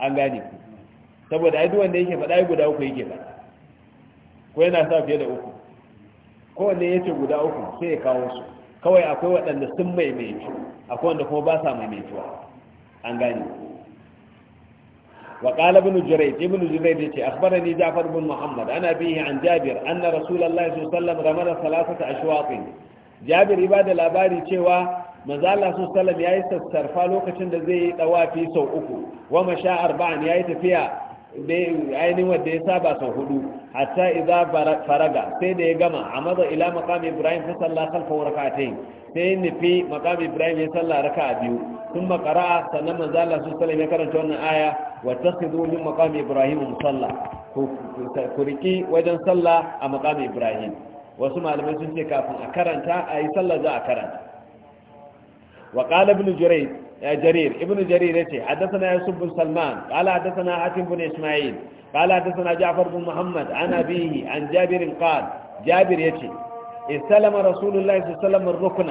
an gane ku saboda ai duk wanda yake faɗa guda uku yake faɗa ko yana sa fiye da uku ko ne yace guda uku sai ya kawo su kawai akwai waɗanda sun maimaitu akwai wanda kuma ba sa maimaituwa an gane وقال ابن جريج ابن جريج أخبرني جعفر بن محمد أنا به عن جابر أن رسول الله صلى الله عليه وسلم رمل ثلاثة أشواط جابر عباد الأباري تشوى manzo Allah su sallam yayi sassarfa lokacin da zai yi dawafi sau uku wa masha arba'an yayi tafiya ainihin wanda ya saba sau hudu hatta idza faraga sai da ya gama maza ila maqam ibrahim fa salla khalfa rak'atayn sai nufi maqam ibrahim ya salla raka'a biyu kuma makara'a sannan manzo Allah sallallahu alaihi ya karanta wannan aya wa takhudhu min maqam ibrahim musalla ku riki wajen salla a maqam ibrahim wasu malamai sun ce kafin a karanta ayi sallah za a karanta wa qala ibn jurayth جرير ابن جرير يتي حدثنا يوسف بن سلمان قال حدثنا حاتم بن إسماعيل قال حدثنا جعفر بن محمد عن أبيه عن جابر قال جابر يتي استلم رسول الله صلى الله عليه وسلم الركن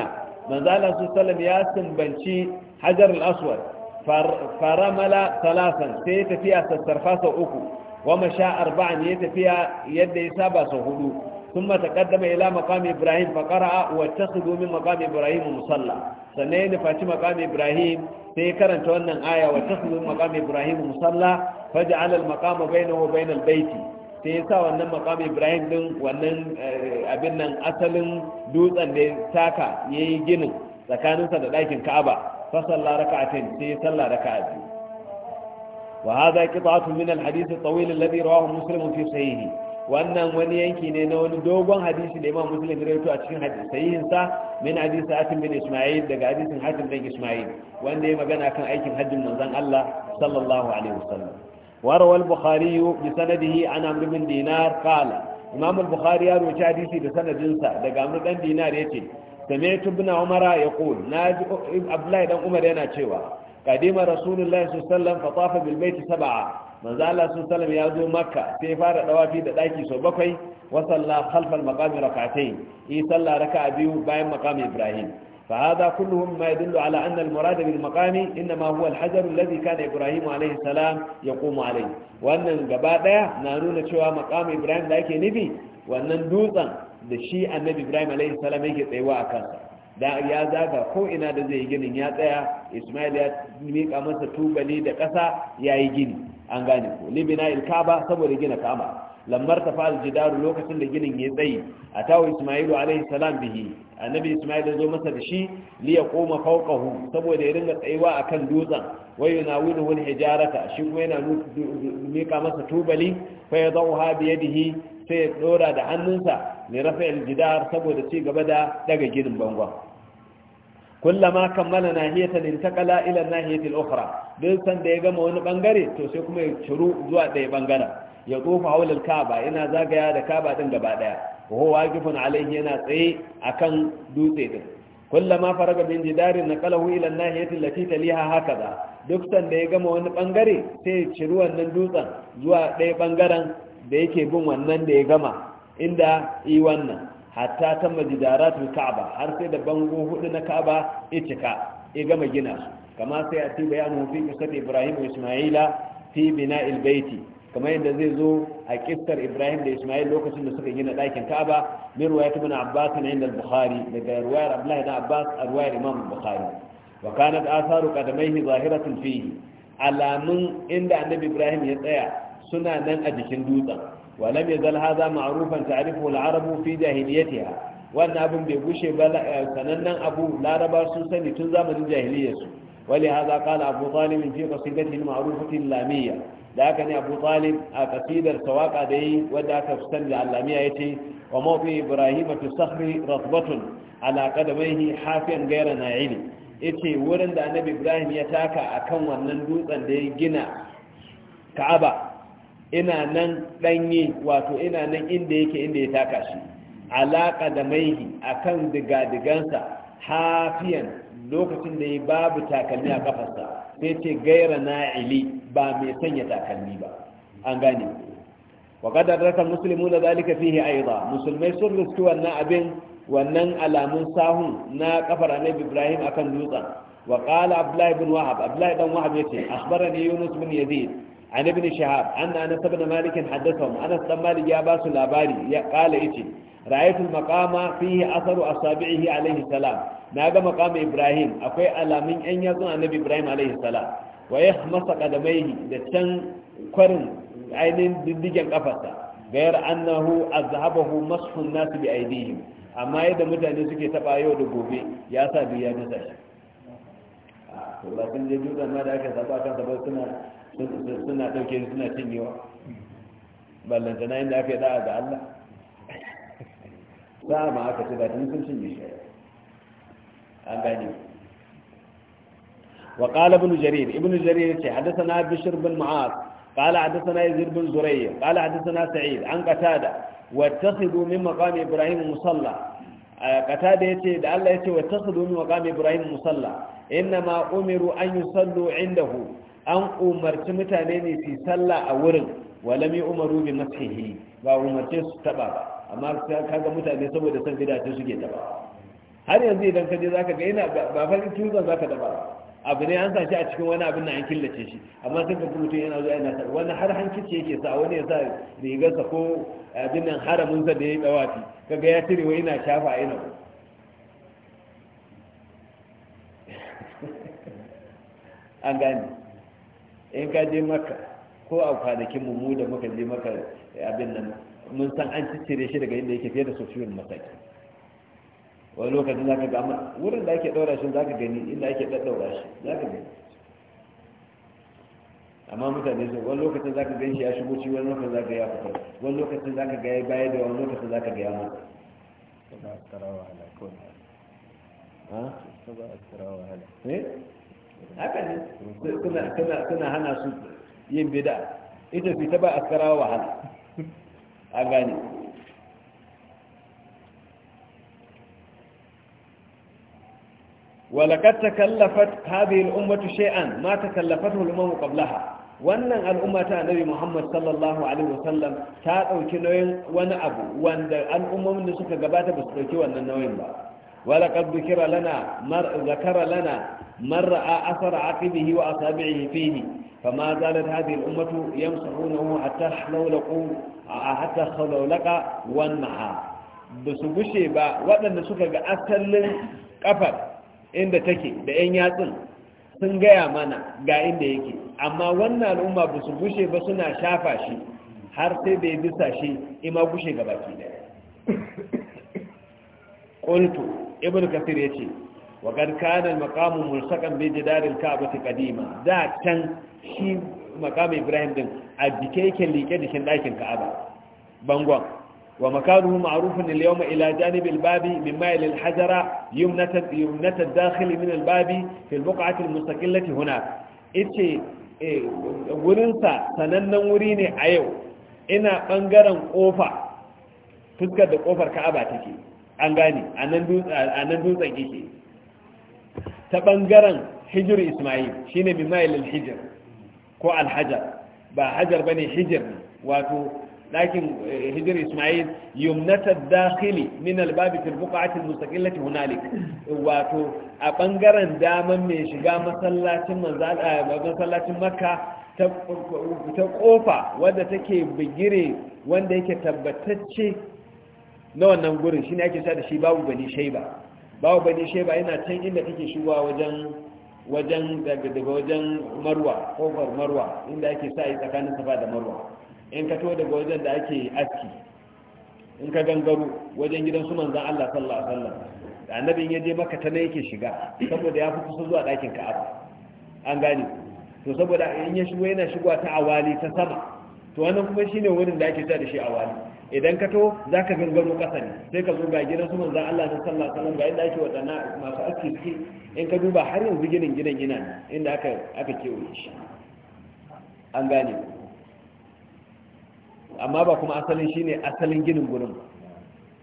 من ذا الله صلى الله عليه وسلم ياسم بنشي حجر الأسود فرمل ثلاثا سيت فيها سترخاص أكو ومشى أربعا يت فيها يد إسابة سهدو ثم تقدم الى مقام ابراهيم فقرا واتخذوا من مقام ابراهيم مصلى سنين فاتي مقام ابراهيم في كرنت wannan aya واتخذوا من مقام ابراهيم مصلى فجعل المقام بينه وبين البيت sai ya sa wannan makam ibrahim din wannan abin nan asalin dutsen da ya taka ya yi ginin tsakaninsa da ɗakin ka'aba fa sallah raka a tin sai ya sallah raka a biyu wa haza ki ta'atu min hadisi tsawilin ladi rawahu muslimun fi sahihi wannan wani yanki ne na wani dogon hadisi da imam muslim rawaito a cikin hadisayin sa min hadisi hatim bin isma'il daga hadisin hatim bin isma'il wanda ya magana kan aikin hajjin manzon Allah sallallahu alaihi wasallam وروى البخاري بسنده عن عمرو بن دينار قال امام البخاري يروي حديثي بسند انسا دغ عمرو بن دينار yace سمعت ابن عمر يقول ناجي عبد الله بن عمر yana cewa قدم رسول الله صلى الله عليه وسلم فطاف بالبيت سبعه manzo Allah sun salam ya zo makka sai fara dawafi da daki sau bakwai wa salla khalfal maqami rak'atayn yi salla raka'a biyu bayan maqami ibrahim fa hada kulluhum ma yadullu ala anna al murad bil maqami inma huwa al hajar alladhi kana ibrahim alayhi salam yaqumu alayhi wannan gaba daya na nuna cewa maqami ibrahim da ake nufi wannan dutsen da shi annabi ibrahim alayhi salam yake tsayuwa a kansa da ya zaga ko ina da zai yi ginin ya tsaya ismail ya mika masa tubali da ƙasa ya yi gini an gane ko libina ilkaba saboda gina kama lamar tafa aljidaru lokacin da ginin ya tsayi a tawo ismailu alaihi salam bihi annabi ismail ya zo masa da shi li ya koma fawqahu saboda ya ringa tsayuwa akan dutsen wai yunawidu wani hijarata shi kuma yana mika masa tubali fa yadawha bi yadihi sai ya dora da hannunsa ne rafa aljidar saboda ci gaba da daga ginin bangon kullama kammala nahiyatan intaqala ila nahiyatil ukhra duk san da ya gama wani bangare to sai kuma ya ciru zuwa daya bangaren ya tsofa haula al-kaaba yana zagaya da kaaba din gaba daya wa waqifun alayhi yana tsaye akan dutse din kullama faraga min jidarin naqalahu ila nahiyatil lati taliha hakaza duk san da ya gama wani bangare sai ya ciru wannan dutsen zuwa daya bangaren da yake bin wannan da ya gama inda yi wannan hatta ta majidaratul ka'aba har sai da bango hudu na ka'aba ya cika ya gama gina su kama sai a ti bayanin fi kisar ibrahim da ismaila fi bina ilbaiti kamar yadda zai zo a kistar ibrahim da ismail lokacin da suka gina ɗakin ka'aba min ruwayat ibn abbas na inda bukhari daga ruwayar abdullahi na abbas a ruwayar imam bukhari wa kanat atharu qadamaihi zahiratun fihi alamun inda annabi ibrahim ya tsaya suna nan a jikin dutsen ولم يزل هذا معروفا تعرفه العرب في جاهليتها وأن أبو بيقوش سننا أبو لا ربا سوسا لتنزام جاهلية ولهذا قال أبو طالب في قصيدته المعروفة اللامية لكن أبو طالب قصيدة سواق عليه ودا تفسن اللامية وموطي إبراهيم في الصخر رطبة على قدميه حافيا غير ناعلي yace wurin da annabi ibrahim ya taka akan wannan dutsen da ya gina ka'aba ina nan ɗanye wato ina nan inda yake inda ya taka shi alaka da maihi a kan digadigansa hafiyan lokacin da ya babu takalmi a kafarsa sai ce gaira na'ili ba mai sanya takalmi ba an gane wa kadarrata musulmi da zalika fihi aiza musulmai sun riski wannan abin wannan alamun sahun na kafar annabi ibrahim akan dutsen wa qala abdullahi ibn wahab abdullahi ibn wahab yace akhbarani yunus bin yazid an ibn shahab an na anas ibn malik haddathahum anas dan malik ya ba labari ya kala yace ra'aytu al-maqama fihi atharu asabihi alayhi salam na ga maqama ibrahim akwai alamun yan yatsun annabi ibrahim alayhi salam wa yahmasa qadamaihi da can kwarin ainihin diddigen kafarsa gayar annahu azhabahu mashun nasu bi aidihim amma yadda mutane suke taba yau da gobe ya sa biyu ya suna ɗauke suna cinyewa ballantana inda aka yi da'a ga Allah sa'a ma aka ce da tun sun cinye shi an gani wa ƙala ibn jarir ibn jarir ce haddasa na bishir bin ma'ar mu'az qala hadathana yazid bin ƙala haddasa na sa'id an da wata su domin maƙam ibrahim musalla da ya ce da Allah ya ce wata su domin maƙam ibrahim musalla inna ma umiru an yi sallo inda hu an umarci mutane ne su sallah a wurin walami umaru bi mashihi ba umarce su taba ba amma kaga mutane saboda san gidaje suke taba har yanzu idan ka je zaka ga ina ba farin tuzan zaka taba abu ne an sashi a cikin wani abin da an killace shi amma sai ka ga yana zuwa yana sa wani har hankici yake sa wani ya sa rigarsa ko abin nan haramin sa da ya yi dawafi kaga ya cire wa ina shafa ina an gane in ka je maka ko a kwanakin mu da muka je maka abin nan mun san an ciccire shi daga inda yake fiye da sosiyal masaki wani lokacin za ka ga wurin da ake ɗaura shi za ka gani inda ake ɗaɗɗaura shi za ka gani amma mutane sun wani lokacin za ka gan shi ya shigo ci wani lokacin za ka ya fita? wani lokacin za ka ga ya baya da wani lokacin za ka ga ya mata ba a tsara wahala kawai ba a tsara wahala eh? haka ne suna hana su yin bida ita fita ba a kara wahala a gani. gane ولقد تكلفت هذه الأمة ma ta تكلفته الأمم قبلها wannan al'ummata ta annabi Muhammad sallallahu alaihi wasallam ta dauki nauyin wani abu wanda al'ummomin da suka gabata ba su dauki wannan nauyin ba ولقد ذكر لنا مر ذكر لنا من راى اثر عقبه واصابعه فيه فما زالت هذه الامه يمسحونه حتى خلولقوا حتى خلولق والنعى بسبوشي با ودن وأن غا أسل كفر اند تكي بأن ياتل sun gaya mana ga inda yake amma wannan al'umma ba su bushe ba suna shafa shi har sai da ya bisa shi ima bushe ga baki daya ƙultu ibn kasir ya ce wa karkanar makamun mulsakan bai jidarin ka'abata kadima da can shi makamun ibrahim din a jike yake liƙe jikin dakin ka'aba bangon wa makaruhu ma'rufun al-yawma ila janib al-babi min ma'il al-hajara yumnata yumnata dakhil min al-babi fi al-buq'ati al-mustaqillati huna ice eh, wurin sa sanannen wuri ne a yau ina bangaren kofa fuskar da kofar ka'aba take an gane a nan dutsen yake ta ɓangaren hijir ismail shi ne mimailin hijir ko alhajar ba hajar ba ne hijir ne wato ɗakin eh, hijir ismail yumnata dakhili min albabitin buƙatin mustaƙillatin hunalik wato a bangaren daman mai shiga masallacin eh, makka ta ƙofa wadda take bigire wanda yake tabbatacce na wannan gurin shine ake sa da shi babu bani shaiba babu bani shaiba yana can inda kake shigowa wajen wajen daga daga wajen marwa kofar marwa inda ake sa yi tsakanin safa da marwa in ka to daga wajen da ake aski in ka gangaro wajen gidan su manzan Allah sallallahu alaihi wasallam annabi ya je maka ta ne yake shiga saboda ya fi kusa zuwa ɗakin ka'aba an gane to saboda in ya shigo yana shigowa ta awali ta sama to wannan kuma shine wurin da ake sa da shi awali idan ka to za ka gangaro ƙasa ne sai ka zo ga gidan su manzan Allah ta sallah sallam ga inda ake wadana masu ake suke in ka duba har yanzu ginin ginin gina ne inda aka aka kewaye shi an gane amma ba kuma asalin shine asalin ginin gurin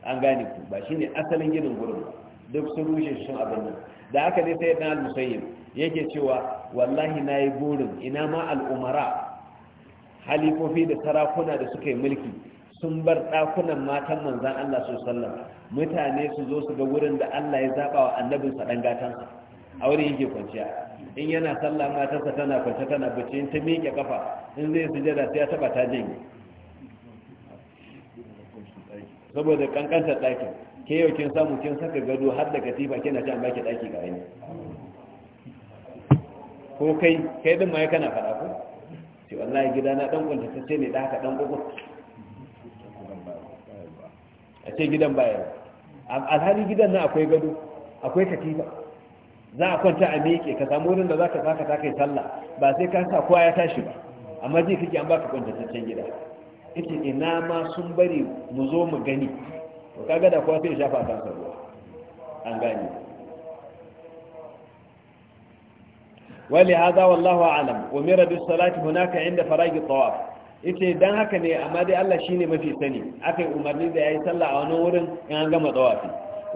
an gane ku ba shine asalin ginin gurin duk sun rushe shi abin nan da aka ne sai dan al-musayyib yake cewa wallahi nayi burin ina ma al-umara halifofi da sarakuna da suka yi mulki sun bar ɗakunan matan manzan Allah su sallam mutane su zo su ga wurin da Allah ya zaɓa wa annabinsa ɗan gatansa a wurin yake kwanciya in yana sallah matarsa tana kwance tana bacci in ta miƙe kafa in zai sujada sai ya taɓa ta janye saboda kankantar ɗakin ke yau kin samu kin saka gado har da katifa kina ci an baki ɗaki ga aini ko kai kai din ma kana faɗa ko sai wallahi gidana ɗan kwanta ce ne ɗaka ɗan dan a ce gidan bayan alhali gidan na akwai gado akwai katifa za a kwanta a meke ka samu wurin da za ka zaka takai talla ba sai ka sa kowa ya tashi ba amma ji kake an baka cancan gida ita ina ma sun bari mu zo mu gani to ka da kowa sai shafa kan ruwa an gane ولهذا والله أعلم أمر بالصلاة هناك عند فراغ tawaf yace dan haka ne amma dai Allah shi ne mafi sani aka yi umarni da yayi sallah a wani wurin in an gama tawafi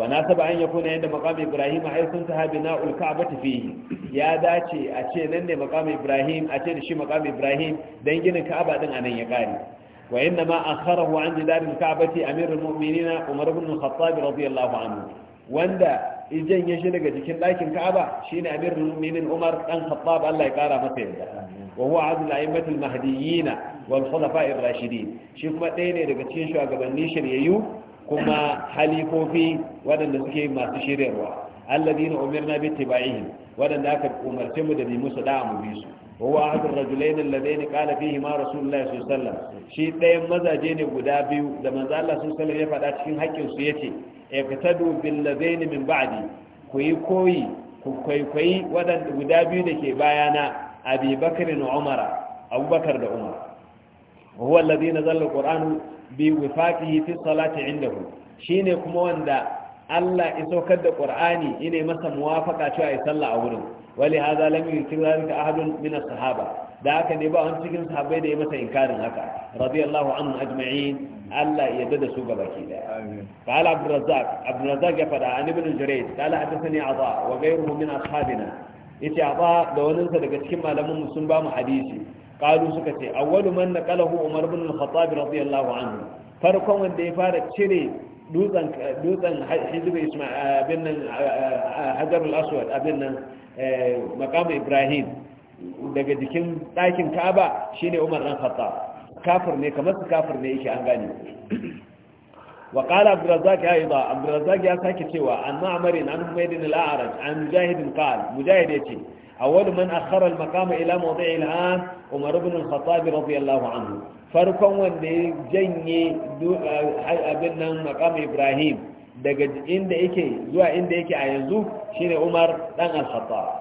wa nasaba an yakuna inda maqam ibrahim ay sun sahabina ul ka'bati fihi ya dace a ce nan ne maqam ibrahim a ce da shi maqam ibrahim dan ginin ka'aba din nan ya kare wa inna ma akharahu an jidar al ka'bati amirul mu'minina umar ibn khattab radiyallahu anhu wanda janye shi daga jikin ɗakin ka'aba ne amir mu'minin umar dan khattab Allah ya kara masa yarda wa huwa azul a'immatul mahdiyyin wal khulafa'ir rashidin shi kuma ɗaya ne daga cikin shugabannin shiryayyu kuma halifofi waɗanda suke masu shiryarwa alladhina umirna bi tibaihim waɗanda aka umarce mu da bi musu da'a mu bi su هو أحد الرجلين اللذين قال فيهما رسول الله صلى الله عليه وسلم شيء ɗayan mazaje ne guda biyu da manzo Allah sallallahu alaihi wasallam ya faɗa cikin haƙƙin su yace iqtadu bil ladaini min ba'di ku yi koyi ku kwaikwayi waɗanda guda biyu da ke bayana abi bakr da umara abubakar da umar huwa alladhi nazala alqur'anu bi wifaqihi fi salati indahu shine kuma wanda Allah ya saukar da Qur'ani ine masa muwafaka cewa ya salla a wurin wali hadha lam yukir ahadun min as-sahaba da haka ne ba wani cikin sahabbai da ya masa inkarin haka radiyallahu anhu ajma'in Allah ya dada su gaba ki da قال عبد الرزاق عبد الرزاق يفدا عن ابن جريج قال حدثني عطاء وغيره من اصحابنا yace عطاء da wani sa daga cikin malaman mu sun ba mu hadisi qalu suka ce awwalu man naqalahu umar ibn al-khattab radiyallahu anhu farkon wanda ya fara cire dutsen dutsen hijri isma'il bin hajar al-aswad abin nan eh, maqam ibrahim daga jikin ɗakin ka'aba shine umar dan khattab kafir ne kamar su kafir ne yake an gane wa ya yi ba abdurrazzaq ya sake cewa an ma'amarin an humaydin al-a'raj an mujahidin qala mujahid a wani man akhara al-maqama ila mawdi'i al-an umar ibn al-khattab radiyallahu anhu farkon wanda ya janye eh, abin nan maqam ibrahim daga inda yake zuwa inda yake a yanzu shine umar dan al-khattab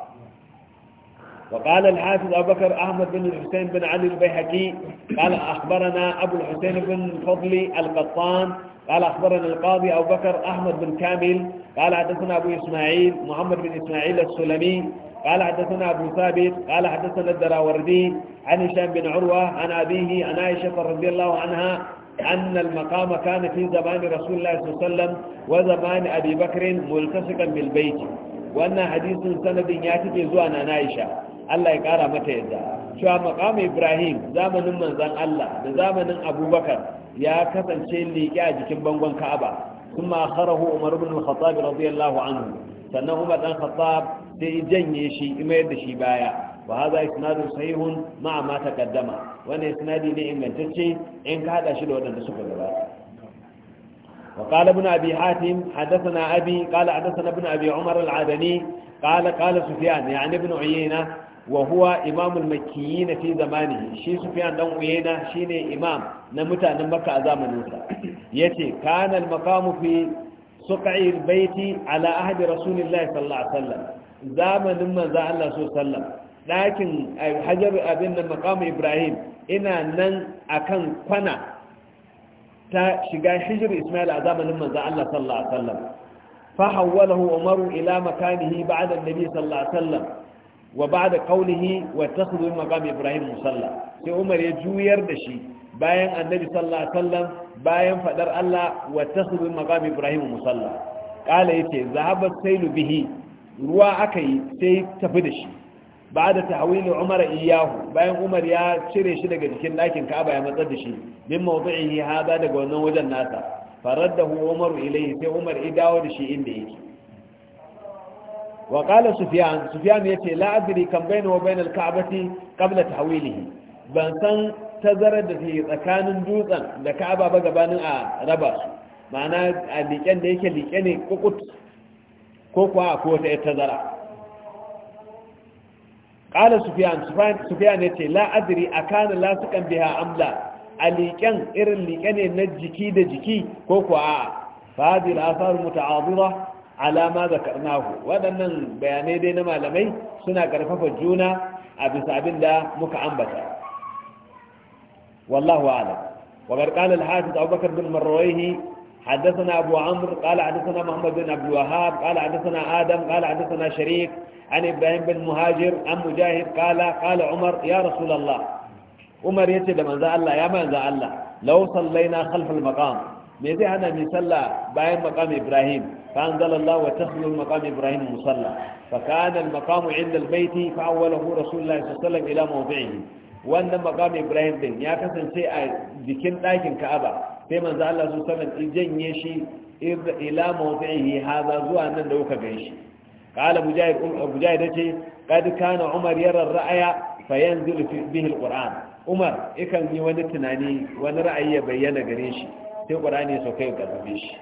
وقال الحافظ أبو بكر أحمد بن الحسين بن علي البيهقي قال أخبرنا أبو الحسين بن فضل القطان قال أخبرنا القاضي أبو بكر أحمد بن كامل قال حدثنا أبو إسماعيل محمد بن إسماعيل السلمي قال حدثنا أبو ثابت قال حدثنا الدراوردي عن هشام بن عروة عن أبيه عن عائشة رضي الله عنها أن المقام كان في زمان رسول الله صلى الله عليه وسلم وزمان أبي بكر ملتصقا بالبيت وأن حديث سند ياتي زوان عائشة Allah ya kara mata yadda cewa maqam Ibrahim zamanin manzon Allah da zamanin Abubakar ya kasance liƙi a jikin bangon Ka'aba kuma kharahu Umar ibn al-Khattab radiyallahu anhu sannan Umar dan Khattab sai janye shi kuma yadda shi baya wa hadha isnadun sahihun ma'a ma taqaddama wannan isnadi ne ingantacce in ka hada shi da wadanda suka gabata وقال ابن أبي حاتم حدثنا أبي قال حدثنا ابن أبي عمر العدني قال قال سفيان يعني ابن عيينة Wahuwa huwa imamul makkiyi na fi zamani shi sufyan dan uyena shine imam na mutanen makka a zamanin sa yace kana al maqamu fi suqi al baiti ala ahdi rasulillahi sallallahu zamanin manzo Allah sallallahu alaihi wasallam dakin eh, hajar abin da ibrahim ina nan kan kwana ta shiga hijir ismail a zamanin manzo Allah sallallahu alaihi wasallam fa hawwalahu umaru ila makanihi ba'da annabi wa ba'da kaunihi wa takhudhu maqam ibrahim musalla sai umar ya juyar da shi bayan annabi sallallahu alaihi wasallam bayan fadar Allah wa takhudhu maqam ibrahim musalla kala ce zahaba sailu bihi ruwa aka yi sai tafi da shi ba da tahwilu umar iyahu bayan umar ya cire shi daga jikin ɗakin ka'aba ya matsar da shi bin mawdu'ihi hada daga wannan wajen nasa faraddahu umar ilayhi sai umar ya dawo da shi inda yake wa qala sufyan sufyan yace la adri kam baina wa baina al-ka'bati qabla tahwilihi ban san tazarar da ke tsakanin dutsen da ka'aba ba gabanin a raba su ma'ana a liƙen da yake liƙe ne kukut ko kuwa a kowata ya tazara ƙala sufiyan ya ce la'adiri a kanin lasukan biya amla a liƙen irin liƙe ne na jiki da jiki ko kuwa a fadil alama zakarnahu waɗannan bayanai dai na malamai suna ƙarfafa juna a bisa abin da muka ambata wallahu a'lam وقد قال الحافظ أبو بكر بن مرويه حدثنا أبو عمرو قال حدثنا محمد بن عبد الوهاب قال حدثنا آدم قال حدثنا شريك عن إبراهيم بن مهاجر عن مجاهد قال قال عمر يا رسول الله عمر يتي لمن ذا الله يا من ذا الله لو صلينا خلف المقام me zai hana mai sallah bayan maqam ibrahim fa anzalallahu wa tahlu maqam ibrahim musalla fa kana al-maqam inda al-bayt fa awwalahu rasulullahi sallallahu alaihi wasallam ila mawdi'ihi wannan maqam ibrahim din ya kasance a jikin ɗakin ka'aba sai manzo Allah sallallahu alaihi wasallam janye shi ila mawdi'ihi haza zuwa nan da uka ganshi qala mujahid mujahid yace qad kana umar yara ra'aya fayanzilu bihi al-qur'an umar ikan yi wani tunani wani ra'ayi ya bayyana gare shi sai qur'ani so kai karbe shi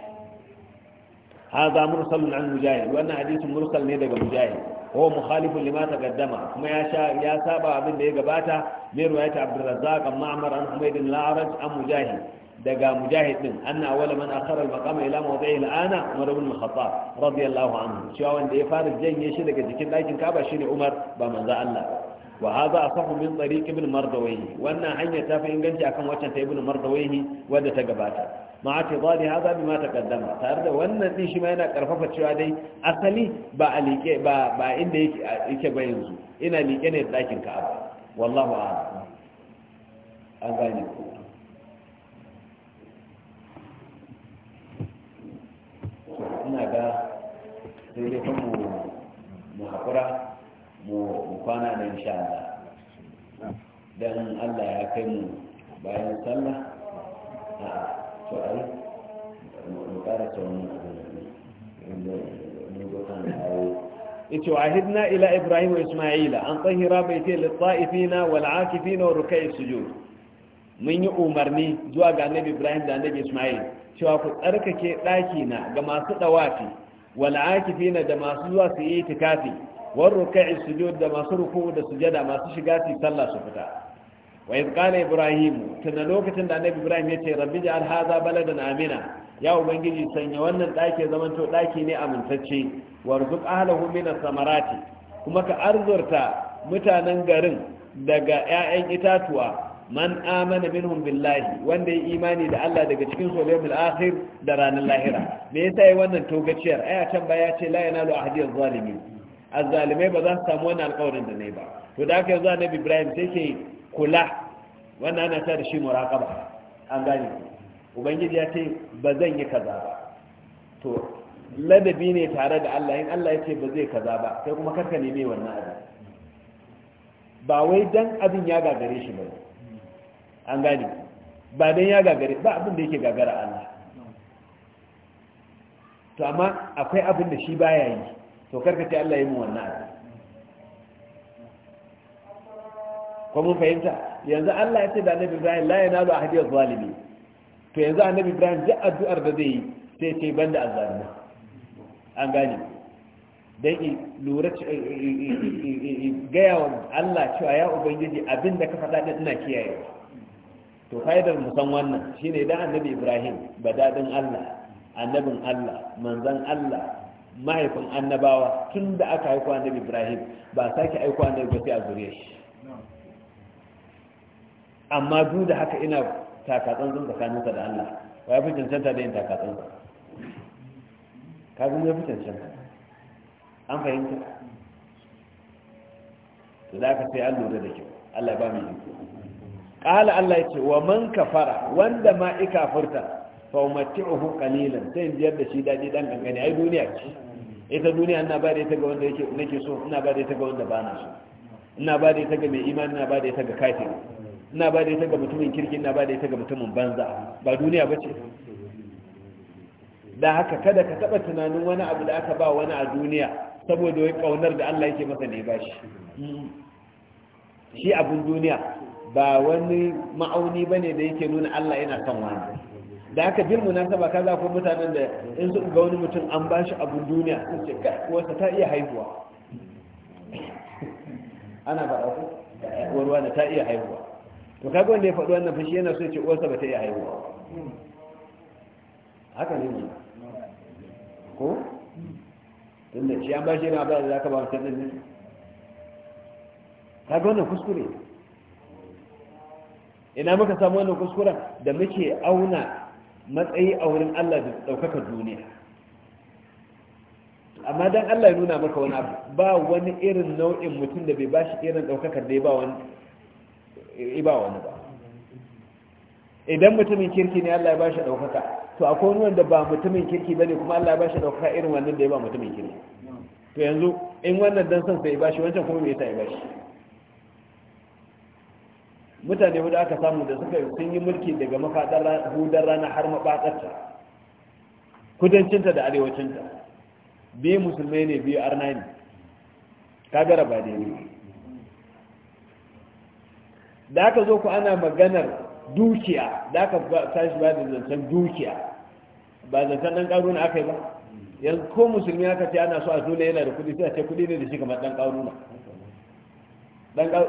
hadha mursalun an mujahid wannan hadisin mursal ne daga mujahid huwa mukhalifun lima taqaddama kuma ya saba abin da ya gabata mai ruwayat abdurrazzaq amma amar an humayd bin la'raj an mujahid daga mujahid din anna awwala man akhara al-maqama ila mawdi'i al-ana umar ibn khattab radiyallahu anhu cewa wanda ya fara janye shi daga jikin dakin kaba shine umar ba manzo Allah wa a asahu min tariq ibn mardawayhi wannan hanya ta fi inganci akan waccan ta ibn mardawayhi wanda ta gabata ma atidadi hadha bima taqaddama tare da wannan din shi ma yana karfafa cewa dai asali ba alike ba ba inda yake yake ba yanzu ina like ne dakin ka'aba wallahu a'lam an gane ina ga sai dai kuma mu hakura mu kwana da insha Allah dan Allah ya kai mu bayan sallah a to ai mu kara tsawon ito ahidna ila ibrahim wa isma'ila an tahira baiti lil ta'ifina wal 'akifina wa ruk'i sujud mun yi umarni zuwa ga nabi ibrahim da nabi isma'il cewa ku tsarkake daki na ga masu dawafi wal 'akifina da masu zuwa su yi itikafi Wan ruka'i sujud da masu ruku da sujada masu shiga su sallah su fita wa iz qala ibrahim tana lokacin da annabi ibrahim yace rabbi ja'al hadha baladan amina ya ubangiji sanya wannan daki zaman to daki ne amintacce warzuq ahlahu min samarati kuma ka arzurta mutanen garin daga ƴaƴan itatuwa man amana minhum billahi wanda ya imani da Allah daga cikin soyayyar akhir da ranar lahira me yasa yi wannan togaciyar aya can baya ce la yanalu ahdiyaz zalimin azzalimai ba za su samu wani alkawarin da ne ba to da aka yanzu annabi ibrahim sai ke kula wannan ana ta da shi muraqaba an gane ubangiji ya ce ba zan yi kaza ba to ladabi ne tare da Allah in Allah ya ce ba zai kaza ba sai kuma karka neme wannan abin ba wai dan abin ya gagare shi ba an gane ba dan ya gagare ba abin da yake gagara Allah to amma akwai abin da shi baya yi to karka ce Allah ya mu wannan abu ko mun fahimta yanzu Allah ya ce da Annabi Ibrahim la yanalu ahadiyaz zalimi to yanzu Annabi Ibrahim duk addu'ar da zai yi sai ce banda azzalimi an gane dan lura gaya wa Allah cewa ya ubangiji abinda ka faɗa din ina kiyaye to fa'idar mu san wannan shine dan Annabi Ibrahim badadin Allah annabin Allah manzon Allah mahaifin annabawa tun da aka haiku annabi ibrahim ba sake aiko annabi ba sai a zuriya shi amma duk da haka ina takatsantsan tsakaninsa da allah wa ya fi cancanta da yin takatsantsa kazin ya fi cancanta an fahimta to da aka sai an lura da kyau allah ya ba mu iko ƙala allah ya ce wa man kafara wanda ma umarci uhu kalilan sai in biyar da shi daɗi dan gangane ai duniya ce ita duniya ina ba da ita ga wanda yake nake so ina ba da ita ga wanda ba na so ina ba da ita ga mai imani ina ba da ita ga kafiri ina ba da ita ga mutumin kirki ina ba da ita ga mutumin banza ba duniya ba ce da haka kada ka taba tunanin wani abu da aka ba wani a duniya saboda wai kaunar da Allah yake masa ne ba shi shi abun duniya ba wani ma'auni bane da yake nuna Allah yana son wani da aka bin munasaba ka za ku mutanen da in su ga wani mutum an ba shi abun duniya sun ce kai wasa ta iya haihuwa ana faɗa ku warwa wani ta iya haihuwa to kaga wanda ya faɗi wannan fashi yana so ya ce uwarsa ba ta iya haihuwa haka ne ne ko tunda shi an ba shi yana ba da zaka ba mutum ɗin ne kaga wannan kuskure ina muka samu wannan kuskuren da muke auna matsayi a wurin Allah da ɗaukakar duniya amma dan Allah ya nuna maka wani abu ba wani irin nau'in mutum da bai bashi irin ɗaukakar da ya ba wani ba idan mutumin kirki ne Allah ya bashi ɗaukaka to akwai wani wanda ba mutumin kirki bane kuma Allah ya bashi ɗaukaka irin wannan da ya ba mutumin kirki to yanzu in wannan dan son sai ya bashi wancan kuma me yasa ya bashi mutane wadda aka samu da suka sun yi mulki daga mafadar hudar rana har maɓaɗarta kudancinta da arewacinta biyu musulmai ne biyu arna ne gara ba da yi da aka zo ku ana maganar dukiya da aka tashi ba da zancen dukiya ba zancen ɗan na aka yi ba yanzu ko musulmi aka ce ana so a dole yana da kudi sai a ce kudi ne da shi kamar ɗan na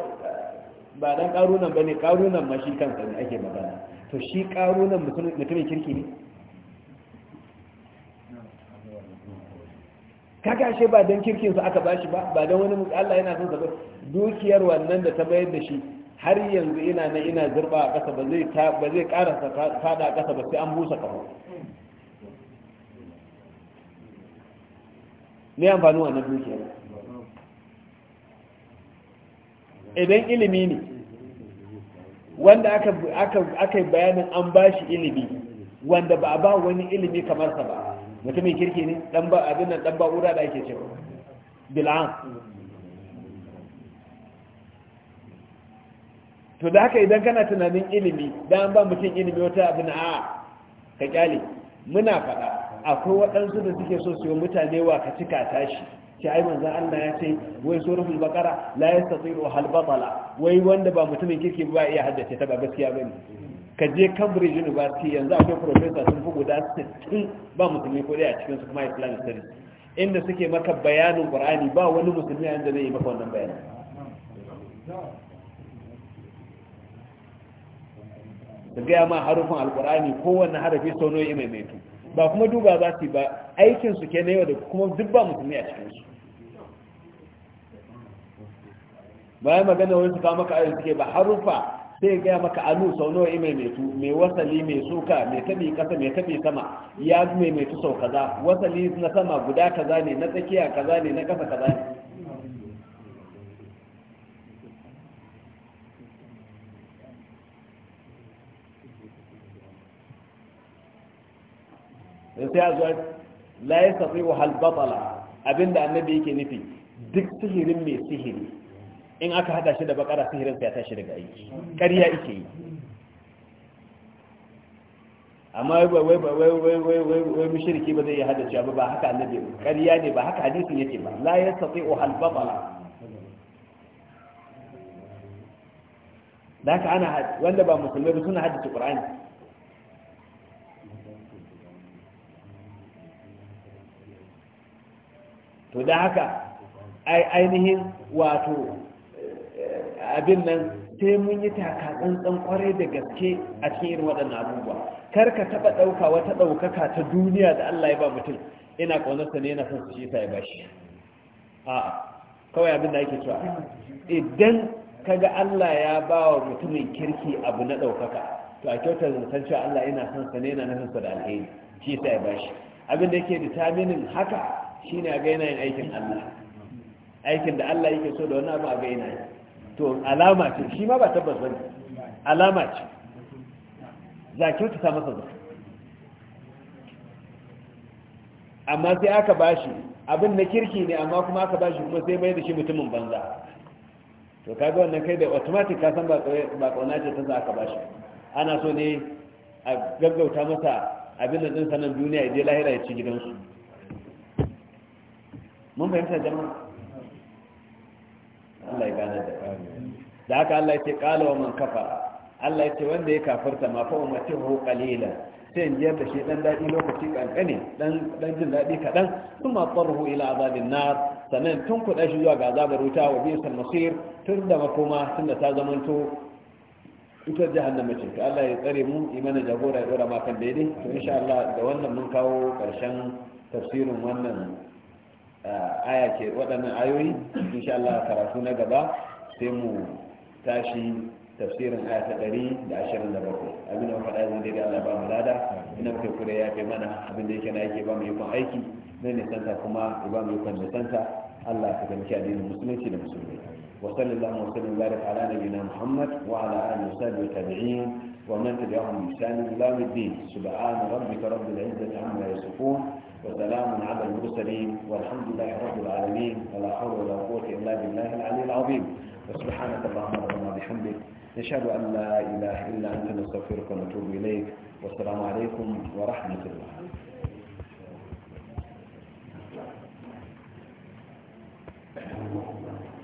ba dan karunan bane karunan ma shi kansa ne ake magana to shi karunan mutumin kirki ne kaga ashe ba dan kirkin su aka bashi ba ba dan wani Allah yana son sa ba dukiyar wannan da ta bayar da shi har yanzu ina na ina zurba a ƙasa ba zai ba zai ƙara fada a ƙasa ba sai an busa kawo ne amfani wannan dukiyar idan ilimi ne wanda aka yi bayanin an bashi ilimi wanda ba a ba wani ilimi kamar sa ba mutumin kirki ne dan ba abin nan dan ba ura da ake cewa bil'an to da haka idan kana tunanin ilimi dan ba mutum ilimi wata abin a ka kyale muna faɗa akwai waɗansu da suke so su yi mutane wa ka cika tashi ce ai manzon Allah ya ce wai suratul baqara la yastati'u hal batala wai wanda ba mutumin kirki ba iya haddace ta ba gaskiya bane ka je Cambridge University yanzu akwai professor sun fi guda 60 ba musulmi ko dai a cikin su kuma Islamic study inda suke maka bayanin Qur'ani ba wani musulmi a yanzu zai yi maka wannan bayanin da gaya ma harufin alkurani kowanne harafi sau nau'i mai maitu ba kuma duba za su ba aikin su ke na yau da kuma duk ba musulmi a cikin su bayan magana wani su kawo maka ayon suke ba harufa sai gaya maka anu sau nawa mai metu mai wasali mai suka mai tabi kasa mai tabi sama ya mai metu sau kaza wasali na sama guda kaza ne na tsakiya kaza ne na kasa kaza ne sai a zuwa la yi safi wa halbatala abinda annabi yake nufi duk sihirin mai sihiri in aka hada shi da bakara sihirin ya tashi daga aiki ƙarya ike yi amma wai mushriki ba zai yi hada cewa ba haka annabi ƙarya ne ba haka hadisin yake ba la yastati'u halbabala da haka ana wanda ba musulmai ba suna haddace qur'ani to da haka ainihin wato abin nan sai mun yi takatsantsan kwarai da gaske a cikin irin waɗannan abubuwa kar ka taɓa ɗauka wata ɗaukaka ta duniya da Allah ya ba mutum ina ƙaunarsa ne yana son su shi sai ya bashi a a'a kawai abin da ake cewa idan kaga Allah ya ba wa mutumin kirki abu na ɗaukaka to a kyautar zantar cewa Allah yana son sa ne yana nufin sa da alheri shi sai ya bashi abin da yake determining haka shine a ga yana yin aikin Allah aikin da Allah yake so da wani abu a ga yana yi to alama ce shi ma ba tabbas bane alama ce za ta masa zaka amma sai aka bashi abin na kirki ne amma kuma aka bashi kuma sai mai da shi mutumin banza to kaga wannan kai da automatic ka san ba kauna ce ta za aka bashi ana so ne a gaggauta masa abin da din sanan duniya ya je lahira ya ci gidansu mun fahimta jama'a Allah ya gane da kare da haka Allah ya ce qala wa man kafara Allah ya ce wanda ya kafarta ma fa umatihu qalilan sai in da shi dan dadi lokaci kankane dan dan jin dadi kadan kuma tarhu ila azabin nar sannan tun kuɗa shi zuwa ga azabar wuta wa biyu masir tun da makoma tun da ta zamanto ita jahannama ce to Allah ya tsare mu imanin jagora ya dora makan daidai to insha Allah da wannan mun kawo ƙarshen tafsirin wannan aya ke waɗannan ayoyi insha Allah karatu na gaba sai mu tashi tafsirin aya ta ɗari da ashirin da bakwai abin da mu faɗa zai daidai Allah ba mu lada ina kai kure ya kai mana abin da yake na yake ba mu yi kwan aiki na nisanta kuma ya ba mu yi kwan nisanta Allah ka gamci addinin musulunci da musulmi wa sallallahu wa sallam barik ala nabiyina Muhammad wa ala alihi wa sahbihi tabi'in ومن تبعهم بإحسان إلى يوم الدين سبحان ربك رب العزة عما يصفون وسلام على المرسلين والحمد لله رب العالمين ولا حول ولا قوة إلا بالله العلي العظيم وسبحانك اللهم ربنا بحمدك نشهد أن لا إله إلا أنت نستغفرك ونتوب إليك والسلام عليكم ورحمة الله Thank you.